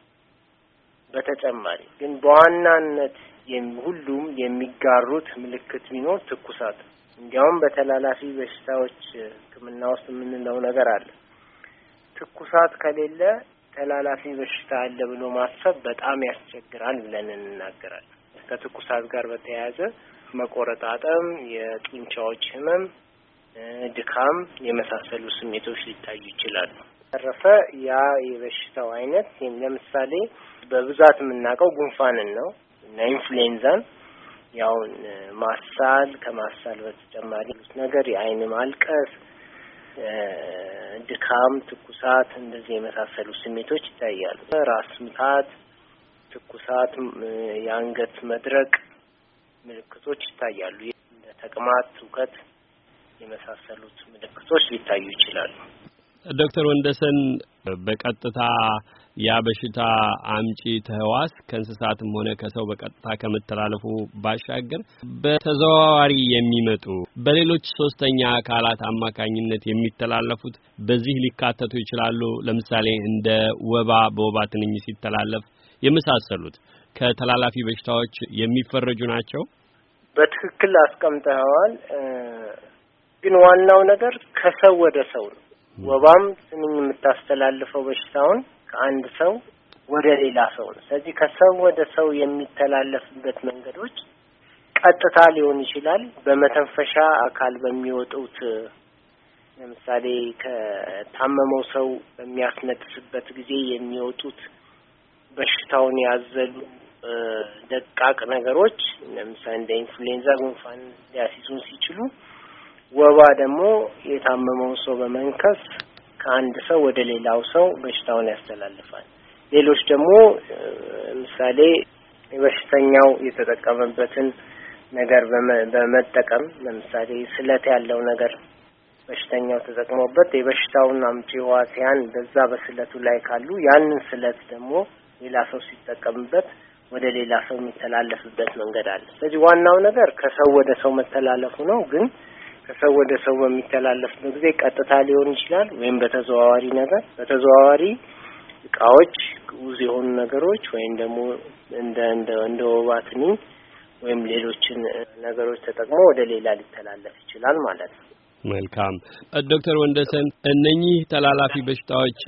በተጨማሪ ግን በዋናነት ሁሉም የሚጋሩት ምልክት ቢኖር ትኩሳት እንዲያውም በተላላፊ በሽታዎች ሕክምና ውስጥ የምንለው ነገር አለ። ትኩሳት ከሌለ ተላላፊ በሽታ አለ ብሎ ማሰብ በጣም ያስቸግራል ብለን እንናገራለን። ከትኩሳት ጋር በተያያዘ መቆረጣጠም፣ የጡንቻዎች ህመም፣ ድካም የመሳሰሉ ስሜቶች ሊታዩ ይችላሉ። ተረፈ ያ የበሽታው አይነት ለምሳሌ በብዛት የምናውቀው ጉንፋንን ነው እና ኢንፍሉዌንዛን ያውን ማሳል ከማሳል በተጨማሪ ነገር የአይን ማልቀስ፣ ድካም፣ ትኩሳት እንደዚህ የመሳሰሉ ስሜቶች ይታያሉ። ራስ ምታት፣ ትኩሳት፣ የአንገት መድረቅ ምልክቶች ይታያሉ። እንደ ተቅማጥ፣ ትውከት የመሳሰሉት ምልክቶች ሊታዩ ይችላሉ። ዶክተር ወንደሰን በቀጥታ ያ በሽታ አምጪ ተህዋስ ከእንስሳትም ሆነ ከሰው በቀጥታ ከመተላለፉ ባሻገር በተዘዋዋሪ የሚመጡ በሌሎች ሶስተኛ አካላት አማካኝነት የሚተላለፉት በዚህ ሊካተቱ ይችላሉ። ለምሳሌ እንደ ወባ በወባ ትንኝ ሲተላለፍ የመሳሰሉት ከተላላፊ በሽታዎች የሚፈረጁ ናቸው። በትክክል አስቀምጠዋል። ግን ዋናው ነገር ከሰው ወደ ሰው ነው። ወባም ትንኝ የምታስተላልፈው በሽታውን ከአንድ ሰው ወደ ሌላ ሰው ነው። ስለዚህ ከሰው ወደ ሰው የሚተላለፍበት መንገዶች ቀጥታ ሊሆን ይችላል። በመተንፈሻ አካል በሚወጡት ለምሳሌ ከታመመው ሰው በሚያስነጥስበት ጊዜ የሚወጡት በሽታውን ያዘሉ ደቃቅ ነገሮች ለምሳሌ እንደ ኢንፍሉዌንዛ ጉንፋን ሊያሲዙን ሲችሉ፣ ወባ ደግሞ የታመመውን ሰው በመንከስ ከአንድ ሰው ወደ ሌላው ሰው በሽታውን ያስተላልፋል። ሌሎች ደግሞ ምሳሌ በሽተኛው የተጠቀመበትን ነገር በመጠቀም ለምሳሌ ስለት ያለው ነገር በሽተኛው ተጠቅሞበት የበሽታውን አምጪ ሕዋሲያን በዛ በስለቱ ላይ ካሉ ያንን ስለት ደግሞ ሌላ ሰው ሲጠቀምበት ወደ ሌላ ሰው የሚተላለፍበት መንገድ አለ። ስለዚህ ዋናው ነገር ከሰው ወደ ሰው መተላለፉ ነው ግን ከሰው ወደ ሰው በሚተላለፍበት ጊዜ ቀጥታ ሊሆን ይችላል ወይም በተዘዋዋሪ ነገር በተዘዋዋሪ እቃዎች ውዝ የሆኑ ነገሮች ወይም ደግሞ እንደ እንደ እንደ ወባ ትንኝ ወይም ሌሎችን ነገሮች ተጠቅሞ ወደ ሌላ ሊተላለፍ ይችላል ማለት ነው። መልካም ዶክተር ወንደሰን እነኚህ ተላላፊ በሽታዎች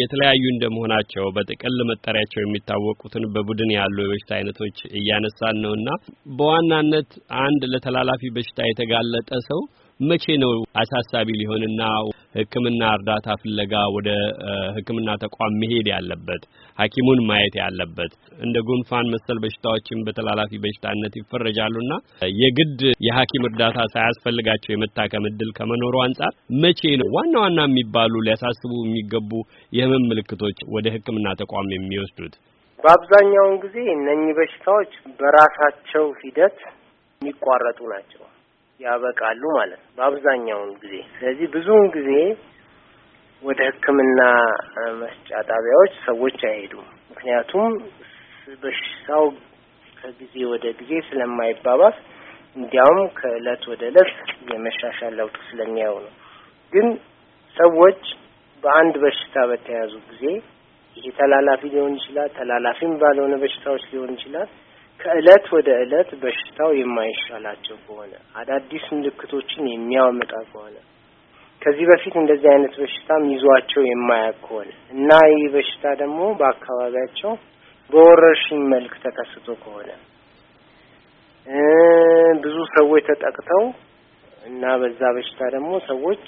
የተለያዩ እንደመሆናቸው በጥቅል መጠሪያቸው የሚታወቁትን በቡድን ያሉ የበሽታ አይነቶች እያነሳን ነውና በዋናነት አንድ ለተላላፊ በሽታ የተጋለጠ ሰው መቼ ነው አሳሳቢ ሊሆንና ሕክምና እርዳታ ፍለጋ ወደ ሕክምና ተቋም መሄድ ያለበት ሐኪሙን ማየት ያለበት? እንደ ጉንፋን መሰል በሽታዎችን በተላላፊ በሽታነት ይፈረጃሉና የግድ የሐኪም እርዳታ ሳያስፈልጋቸው የመታከም እድል ከመኖሩ አንጻር መቼ ነው ዋና ዋና የሚባሉ ሊያሳስቡ የሚገቡ የህመም ምልክቶች ወደ ሕክምና ተቋም የሚወስዱት? በአብዛኛውን ጊዜ እነኚህ በሽታዎች በራሳቸው ሂደት የሚቋረጡ ናቸው። ያበቃሉ ማለት ነው በአብዛኛውን ጊዜ። ስለዚህ ብዙውን ጊዜ ወደ ሕክምና መስጫ ጣቢያዎች ሰዎች አይሄዱም። ምክንያቱም በሽታው ከጊዜ ወደ ጊዜ ስለማይባባስ እንዲያውም ከእለት ወደ እለት የመሻሻል ለውጥ ስለሚያዩ ነው። ግን ሰዎች በአንድ በሽታ በተያዙ ጊዜ ይሄ ተላላፊ ሊሆን ይችላል፣ ተላላፊም ባልሆነ በሽታዎች ሊሆን ይችላል ከእለት ወደ እለት በሽታው የማይሻላቸው ከሆነ አዳዲስ ምልክቶችን የሚያመጣ ከሆነ ከዚህ በፊት እንደዚህ አይነት በሽታም ይዟቸው የማያውቅ ከሆነ እና ይህ በሽታ ደግሞ በአካባቢያቸው በወረርሽኝ መልክ ተከስቶ ከሆነ ብዙ ሰዎች ተጠቅተው እና በዛ በሽታ ደግሞ ሰዎች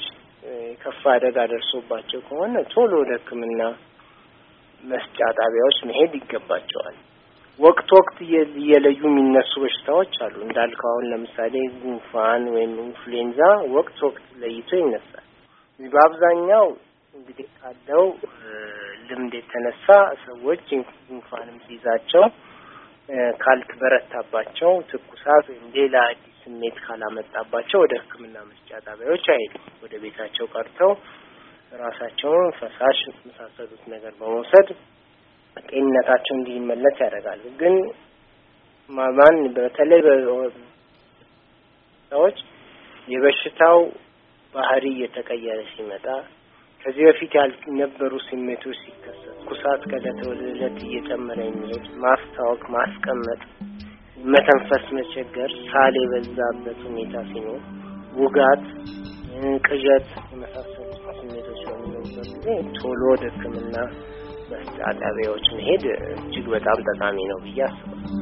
የከፋ አደጋ ደርሶባቸው ከሆነ ቶሎ ወደ ሕክምና መስጫ ጣቢያዎች መሄድ ይገባቸዋል። ወቅት ወቅት እየለዩ የሚነሱ በሽታዎች አሉ። እንዳልከው አሁን ለምሳሌ ጉንፋን ወይም ኢንፍሉዌንዛ ወቅት ወቅት ለይቶ ይነሳል። በአብዛኛው እንግዲህ ካለው ልምድ የተነሳ ሰዎች ጉንፋንም ሲይዛቸው ካልክ በረታባቸው ትኩሳት ወይም ሌላ አዲስ ስሜት ካላመጣባቸው ወደ ሕክምና መስጫ ጣቢያዎች አይሄዱም። ወደ ቤታቸው ቀርተው ራሳቸውን ፈሳሽ የመሳሰሉት ነገር በመውሰድ ጤንነታቸው እንዲመለስ ያደርጋሉ። ግን ማን በተለይ ሰዎች የበሽታው ባህሪ እየተቀየረ ሲመጣ ከዚህ በፊት ያልነበሩ ስሜቶች ሲከሰት፣ ኩሳት ከዕለት ወደ ዕለት እየጨመረ የሚሄድ ማስታወቅ፣ ማስቀመጥ፣ መተንፈስ መቸገር፣ ሳል የበዛበት ሁኔታ ሲኖር፣ ውጋት፣ ቅዠት የመሳሰሉ ስሜቶች በሚኖሩበት ጊዜ ቶሎ ወደ ሕክምና መስጫ ጣቢያዎች መሄድ እጅግ በጣም ጠቃሚ ነው ብዬ አስባለሁ።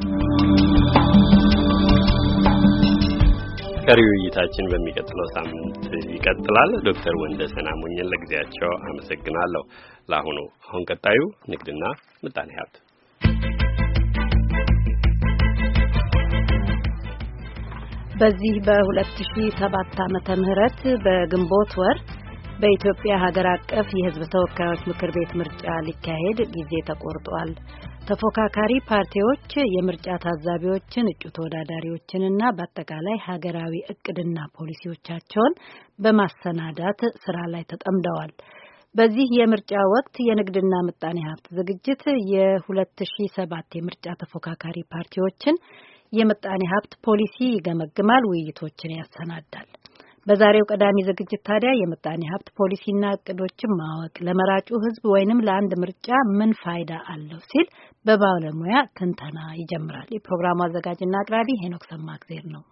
ቀሪ ውይይታችን በሚቀጥለው ሳምንት ይቀጥላል። ዶክተር ወንደሰን አሞኝን ለጊዜያቸው አመሰግናለሁ። ለአሁኑ አሁን ቀጣዩ ንግድና ምጣኔ ሀብት በዚህ በ2007 ዓመተ ምህረት በግንቦት ወር በኢትዮጵያ ሀገር አቀፍ የሕዝብ ተወካዮች ምክር ቤት ምርጫ ሊካሄድ ጊዜ ተቆርጧል። ተፎካካሪ ፓርቲዎች የምርጫ ታዛቢዎችን፣ እጩ ተወዳዳሪዎችንና በአጠቃላይ ሀገራዊ እቅድና ፖሊሲዎቻቸውን በማሰናዳት ስራ ላይ ተጠምደዋል። በዚህ የምርጫ ወቅት የንግድና ምጣኔ ሀብት ዝግጅት የ2007 የምርጫ ተፎካካሪ ፓርቲዎችን የምጣኔ ሀብት ፖሊሲ ይገመግማል፣ ውይይቶችን ያሰናዳል። በዛሬው ቀዳሚ ዝግጅት ታዲያ የምጣኔ ሀብት ፖሊሲና እቅዶችን ማወቅ ለመራጩ ሕዝብ ወይንም ለአንድ ምርጫ ምን ፋይዳ አለው ሲል በባለሙያ ትንተና ይጀምራል። የፕሮግራሙ አዘጋጅና አቅራቢ ሄኖክ ሰማእግዜር ነው።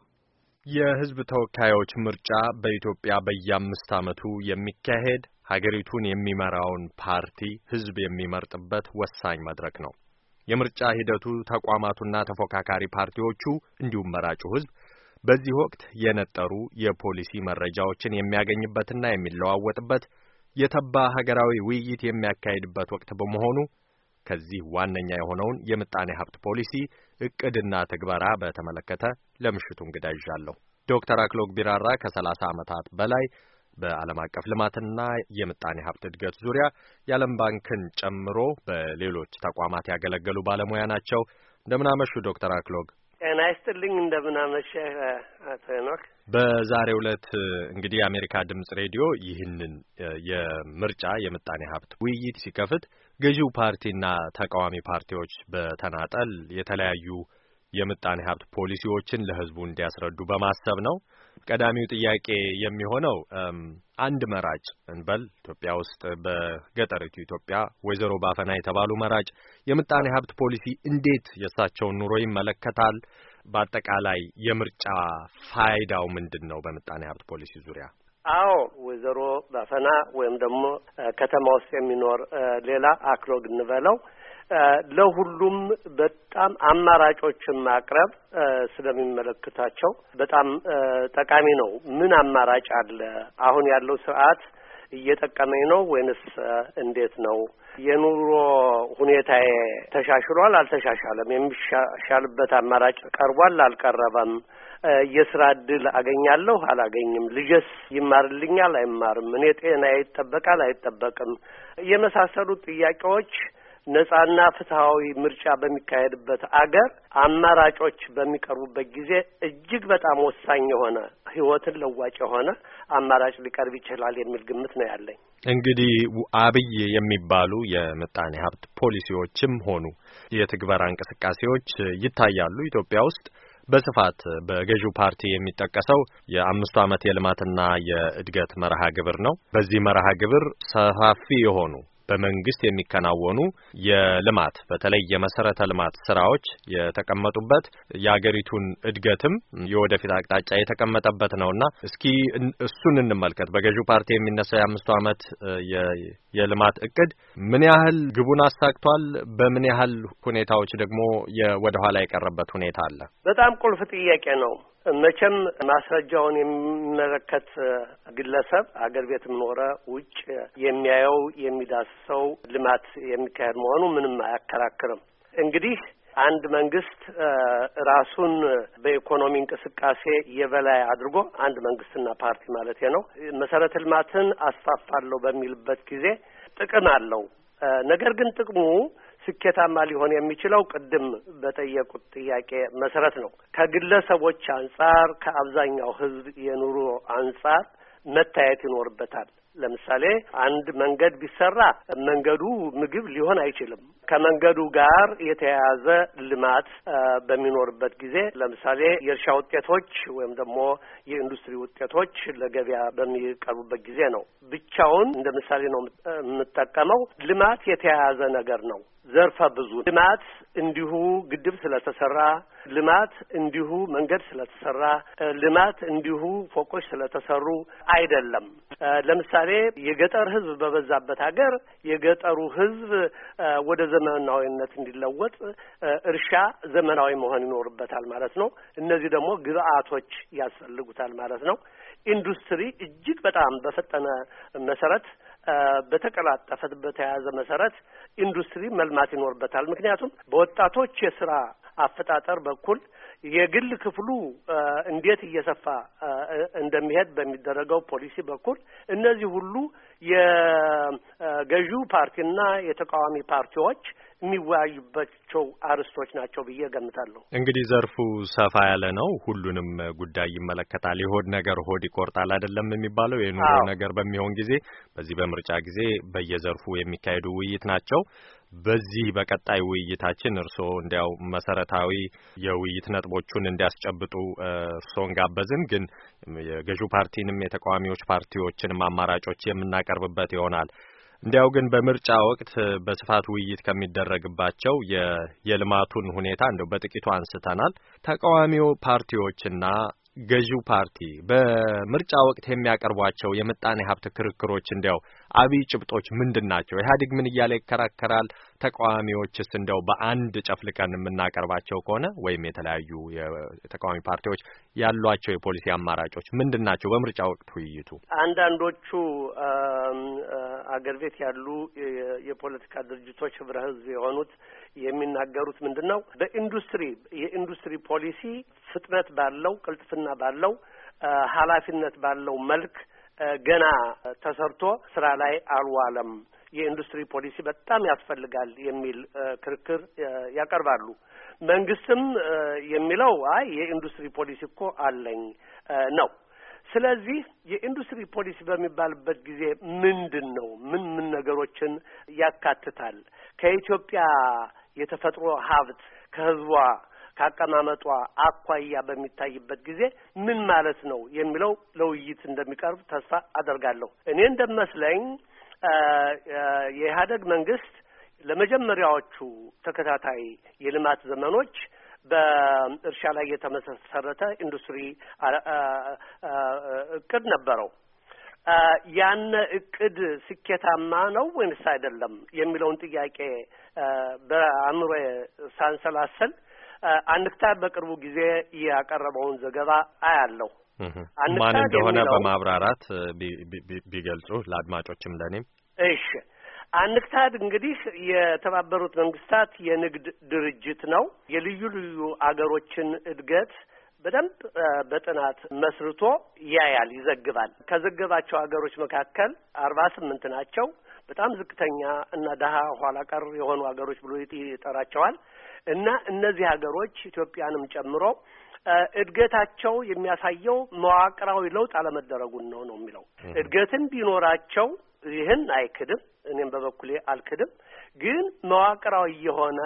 የህዝብ ተወካዮች ምርጫ በኢትዮጵያ በየአምስት ዓመቱ የሚካሄድ ሀገሪቱን የሚመራውን ፓርቲ ህዝብ የሚመርጥበት ወሳኝ መድረክ ነው። የምርጫ ሂደቱ ተቋማቱና ተፎካካሪ ፓርቲዎቹ እንዲሁም መራጩ ህዝብ? በዚህ ወቅት የነጠሩ የፖሊሲ መረጃዎችን የሚያገኝበትና የሚለዋወጥበት የተባ ሀገራዊ ውይይት የሚያካሂድበት ወቅት በመሆኑ ከዚህ ዋነኛ የሆነውን የምጣኔ ሀብት ፖሊሲ እቅድና ትግበራ በተመለከተ ለምሽቱ እንግዳ ይዣለሁ። ዶክተር አክሎግ ቢራራ ከ30 ዓመታት በላይ በዓለም አቀፍ ልማትና የምጣኔ ሀብት እድገት ዙሪያ የዓለም ባንክን ጨምሮ በሌሎች ተቋማት ያገለገሉ ባለሙያ ናቸው። እንደምናመሹ ዶክተር አክሎግ ጤና ይስጥልኝ። እንደምናመሸህ አቶ ሄኖክ። ዕለት እንግዲህ የአሜሪካ ድምጽ ሬዲዮ ይህንን የምርጫ የምጣኔ ሀብት ውይይት ሲከፍት ገዢው ፓርቲና ተቃዋሚ ፓርቲዎች በተናጠል የተለያዩ የምጣኔ ሀብት ፖሊሲዎችን ለህዝቡ እንዲያስረዱ በማሰብ ነው። ቀዳሚው ጥያቄ የሚሆነው አንድ መራጭ እንበል ኢትዮጵያ ውስጥ በገጠሪቱ ኢትዮጵያ ወይዘሮ ባፈና የተባሉ መራጭ የምጣኔ ሀብት ፖሊሲ እንዴት የእሳቸውን ኑሮ ይመለከታል? በአጠቃላይ የምርጫ ፋይዳው ምንድን ነው? በምጣኔ ሀብት ፖሊሲ ዙሪያ አዎ ወይዘሮ ባፈና ወይም ደግሞ ከተማ ውስጥ የሚኖር ሌላ አክሎግ እንበለው ለሁሉም በጣም አማራጮችን ማቅረብ ስለሚመለከታቸው በጣም ጠቃሚ ነው። ምን አማራጭ አለ? አሁን ያለው ስርዓት እየጠቀመኝ ነው ወይንስ እንዴት ነው? የኑሮ ሁኔታዬ ተሻሽሏል አልተሻሻለም? የሚሻሻልበት አማራጭ ቀርቧል አልቀረበም? የስራ እድል አገኛለሁ አላገኝም? ልጀስ ይማርልኛል አይማርም? እኔ ጤና ይጠበቃል አይጠበቅም? የመሳሰሉት ጥያቄዎች ነጻና ፍትሐዊ ምርጫ በሚካሄድበት አገር አማራጮች በሚቀርቡበት ጊዜ እጅግ በጣም ወሳኝ የሆነ ህይወትን ለዋጭ የሆነ አማራጭ ሊቀርብ ይችላል የሚል ግምት ነው ያለኝ። እንግዲህ አብይ የሚባሉ የምጣኔ ሀብት ፖሊሲዎችም ሆኑ የትግበራ እንቅስቃሴዎች ይታያሉ ኢትዮጵያ ውስጥ በስፋት በገዢው ፓርቲ የሚጠቀሰው የአምስቱ ዓመት የልማትና የእድገት መርሃ ግብር ነው። በዚህ መርሃ ግብር ሰፋፊ የሆኑ በመንግስት የሚከናወኑ የልማት በተለይ የመሰረተ ልማት ስራዎች የተቀመጡበት የአገሪቱን እድገትም የወደፊት አቅጣጫ የተቀመጠበት ነውና እስኪ እሱን እንመልከት። በገዢው ፓርቲ የሚነሳው የአምስቱ ዓመት የልማት እቅድ ምን ያህል ግቡን አሳክቷል? በምን ያህል ሁኔታዎች ደግሞ ወደኋላ የቀረበት ሁኔታ አለ? በጣም ቁልፍ ጥያቄ ነው። መቼም ማስረጃውን የሚመለከት ግለሰብ አገር ቤትም ኖረ ውጭ የሚያየው የሚዳስሰው ልማት የሚካሄድ መሆኑ ምንም አያከራክርም። እንግዲህ አንድ መንግስት ራሱን በኢኮኖሚ እንቅስቃሴ የበላይ አድርጎ አንድ መንግስትና ፓርቲ ማለት ነው መሰረተ ልማትን አስፋፋለሁ በሚልበት ጊዜ ጥቅም አለው። ነገር ግን ጥቅሙ ስኬታማ ሊሆን የሚችለው ቅድም በጠየቁት ጥያቄ መሰረት ነው። ከግለሰቦች አንጻር ከአብዛኛው ህዝብ የኑሮ አንጻር መታየት ይኖርበታል። ለምሳሌ አንድ መንገድ ቢሰራ መንገዱ ምግብ ሊሆን አይችልም። ከመንገዱ ጋር የተያያዘ ልማት በሚኖርበት ጊዜ ለምሳሌ የእርሻ ውጤቶች ወይም ደግሞ የኢንዱስትሪ ውጤቶች ለገበያ በሚቀርቡበት ጊዜ ነው። ብቻውን እንደ ምሳሌ ነው የምጠቀመው። ልማት የተያያዘ ነገር ነው። ዘርፈ ብዙ ልማት እንዲሁ ግድብ ስለተሰራ ልማት እንዲሁ መንገድ ስለተሰራ ልማት እንዲሁ ፎቆች ስለተሰሩ አይደለም። ለምሳሌ የገጠር ሕዝብ በበዛበት ሀገር የገጠሩ ሕዝብ ወደ ዘመናዊነት እንዲለወጥ እርሻ ዘመናዊ መሆን ይኖርበታል ማለት ነው። እነዚህ ደግሞ ግብአቶች ያስፈልጉታል ማለት ነው። ኢንዱስትሪ እጅግ በጣም በፈጠነ መሰረት በተቀላጠፈ በተያያዘ መሰረት ኢንዱስትሪ መልማት ይኖርበታል። ምክንያቱም በወጣቶች የስራ አፈጣጠር በኩል የግል ክፍሉ እንዴት እየሰፋ እንደሚሄድ በሚደረገው ፖሊሲ በኩል እነዚህ ሁሉ የገዢው ፓርቲና የተቃዋሚ ፓርቲዎች የሚወያዩባቸው አርዕስቶች ናቸው ብዬ ገምታለሁ። እንግዲህ ዘርፉ ሰፋ ያለ ነው፣ ሁሉንም ጉዳይ ይመለከታል። የሆድ ነገር ሆድ ይቆርጣል አይደለም የሚባለው የኑሮ ነገር በሚሆን ጊዜ በዚህ በምርጫ ጊዜ በየዘርፉ የሚካሄዱ ውይይት ናቸው። በዚህ በቀጣይ ውይይታችን እርስዎ እንዲያው መሰረታዊ የውይይት ነጥቦቹን እንዲያስጨብጡ እርስዎን ጋበዝን። ግን የገዢው ፓርቲንም የተቃዋሚዎች ፓርቲዎችንም አማራጮች የምናቀርብበት ይሆናል። እንዲያው ግን በምርጫ ወቅት በስፋት ውይይት ከሚደረግባቸው የልማቱን ሁኔታ እንደው በጥቂቱ አንስተናል። ተቃዋሚው ፓርቲዎችና ገዢው ፓርቲ በምርጫ ወቅት የሚያቀርቧቸው የምጣኔ ሀብት ክርክሮች እንዲያው አብይ ጭብጦች ምንድን ናቸው? ኢህአዴግ ምን እያለ ይከራከራል? ተቃዋሚዎችስ እንደው በአንድ ጨፍልቀን የምናቀርባቸው ከሆነ ወይም የተለያዩ የተቃዋሚ ፓርቲዎች ያሏቸው የፖሊሲ አማራጮች ምንድን ናቸው? በምርጫ ወቅት ውይይቱ አንዳንዶቹ አገር ቤት ያሉ የፖለቲካ ድርጅቶች ህብረ ህዝብ የሆኑት የሚናገሩት ምንድን ነው? በኢንዱስትሪ የኢንዱስትሪ ፖሊሲ ፍጥነት ባለው ቅልጥፍና ባለው ኃላፊነት ባለው መልክ ገና ተሰርቶ ስራ ላይ አልዋለም። የኢንዱስትሪ ፖሊሲ በጣም ያስፈልጋል የሚል ክርክር ያቀርባሉ። መንግስትም የሚለው አይ የኢንዱስትሪ ፖሊሲ እኮ አለኝ ነው። ስለዚህ የኢንዱስትሪ ፖሊሲ በሚባልበት ጊዜ ምንድን ነው? ምን ምን ነገሮችን ያካትታል? ከኢትዮጵያ የተፈጥሮ ሀብት ከህዝቧ ከአቀማመጧ አኳያ በሚታይበት ጊዜ ምን ማለት ነው የሚለው ለውይይት እንደሚቀርብ ተስፋ አደርጋለሁ። እኔ እንደሚመስለኝ የኢህአደግ መንግስት ለመጀመሪያዎቹ ተከታታይ የልማት ዘመኖች በእርሻ ላይ የተመሰረተ ኢንዱስትሪ እቅድ ነበረው። ያን እቅድ ስኬታማ ነው ወይንስ አይደለም የሚለውን ጥያቄ በአእምሮ ሳንሰላሰል አንክታ በቅርቡ ጊዜ ያቀረበውን ዘገባ አያለሁ። ማን እንደሆነ በማብራራት ቢገልጹ ለአድማጮችም ለእኔም። እሺ አንክታድ እንግዲህ የተባበሩት መንግስታት የንግድ ድርጅት ነው። የልዩ ልዩ አገሮችን እድገት በደንብ በጥናት መስርቶ ያያል፣ ይዘግባል። ከዘገባቸው ሀገሮች መካከል አርባ ስምንት ናቸው። በጣም ዝቅተኛ እና ደሀ ኋላ ቀር የሆኑ ሀገሮች ብሎ ይጠራቸዋል እና እነዚህ ሀገሮች ኢትዮጵያንም ጨምሮ እድገታቸው የሚያሳየው መዋቅራዊ ለውጥ አለመደረጉን ነው ነው የሚለው እድገትን ቢኖራቸው ይህን አይክድም፣ እኔም በበኩሌ አልክድም። ግን መዋቅራዊ የሆነ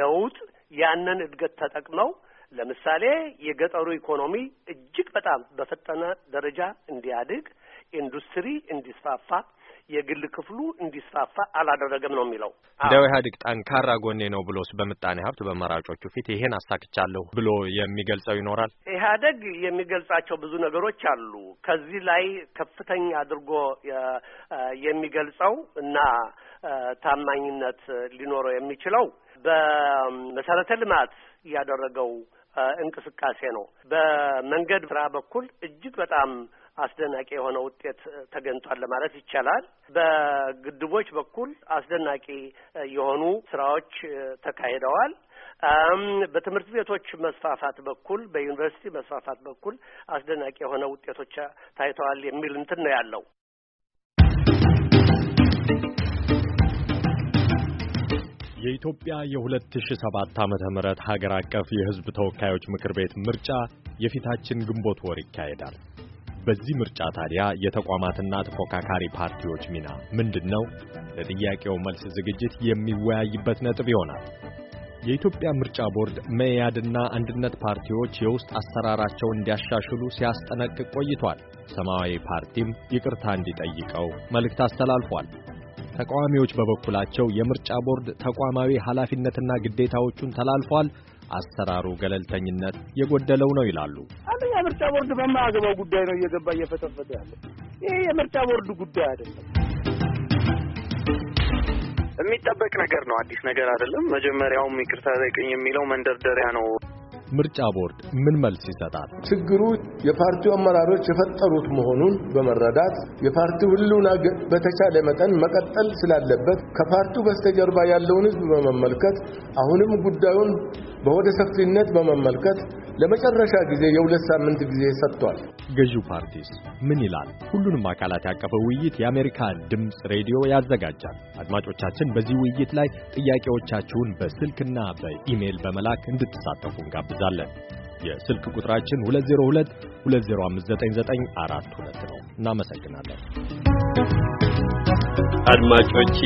ለውጥ ያንን እድገት ተጠቅመው ለምሳሌ የገጠሩ ኢኮኖሚ እጅግ በጣም በፈጠነ ደረጃ እንዲያድግ ኢንዱስትሪ እንዲስፋፋ የግል ክፍሉ እንዲስፋፋ አላደረገም ነው የሚለው። እንዲያው ኢህአዴግ ጠንካራ ጎኔ ነው ብሎስ በምጣኔ ሀብት በመራጮቹ ፊት ይሄን አሳክቻለሁ ብሎ የሚገልጸው ይኖራል። ኢህአዴግ የሚገልጻቸው ብዙ ነገሮች አሉ። ከዚህ ላይ ከፍተኛ አድርጎ የሚገልጸው እና ታማኝነት ሊኖረው የሚችለው በመሰረተ ልማት ያደረገው እንቅስቃሴ ነው። በመንገድ ስራ በኩል እጅግ በጣም አስደናቂ የሆነ ውጤት ተገኝቷል ለማለት ይቻላል። በግድቦች በኩል አስደናቂ የሆኑ ስራዎች ተካሂደዋል። በትምህርት ቤቶች መስፋፋት በኩል በዩኒቨርሲቲ መስፋፋት በኩል አስደናቂ የሆነ ውጤቶች ታይተዋል የሚል እንትን ነው ያለው። የኢትዮጵያ የ2007 ዓመተ ምህረት ሀገር አቀፍ የሕዝብ ተወካዮች ምክር ቤት ምርጫ የፊታችን ግንቦት ወር ይካሄዳል። በዚህ ምርጫ ታዲያ የተቋማትና ተፎካካሪ ፓርቲዎች ሚና ምንድን ነው? ለጥያቄው መልስ ዝግጅት የሚወያይበት ነጥብ ይሆናል። የኢትዮጵያ ምርጫ ቦርድ መኢአድና አንድነት ፓርቲዎች የውስጥ አሰራራቸውን እንዲያሻሽሉ ሲያስጠነቅቅ ቆይቷል። ሰማያዊ ፓርቲም ይቅርታ እንዲጠይቀው መልእክት አስተላልፏል። ተቃዋሚዎች በበኩላቸው የምርጫ ቦርድ ተቋማዊ ኃላፊነትና ግዴታዎቹን ተላልፏል አሰራሩ ገለልተኝነት የጎደለው ነው ይላሉ። አንደኛ ምርጫ ቦርድ በማያገባው ጉዳይ ነው እየገባ እየፈተፈተ ያለ ይሄ የምርጫ ቦርድ ጉዳይ አይደለም። የሚጠበቅ ነገር ነው። አዲስ ነገር አይደለም። መጀመሪያውም ይቅርታ ጠይቅኝ የሚለው መንደርደሪያ ነው። ምርጫ ቦርድ ምን መልስ ይሰጣል? ችግሩ የፓርቲው አመራሮች የፈጠሩት መሆኑን በመረዳት የፓርቲው ሕልውና በተቻለ መጠን መቀጠል ስላለበት ከፓርቲው በስተጀርባ ያለውን ሕዝብ በመመልከት አሁንም ጉዳዩን በወደ ሰፊነት በመመልከት ለመጨረሻ ጊዜ የሁለት ሳምንት ጊዜ ሰጥቷል። ገዢው ፓርቲስ ምን ይላል? ሁሉንም አካላት ያቀፈ ውይይት የአሜሪካ ድምፅ ሬዲዮ ያዘጋጃል። አድማጮቻችን በዚህ ውይይት ላይ ጥያቄዎቻችሁን በስልክና በኢሜይል በመላክ እንድትሳተፉ እንጋብዛለን። የስልክ ቁጥራችን 2022059942 ነው። እናመሰግናለን አድማጮች።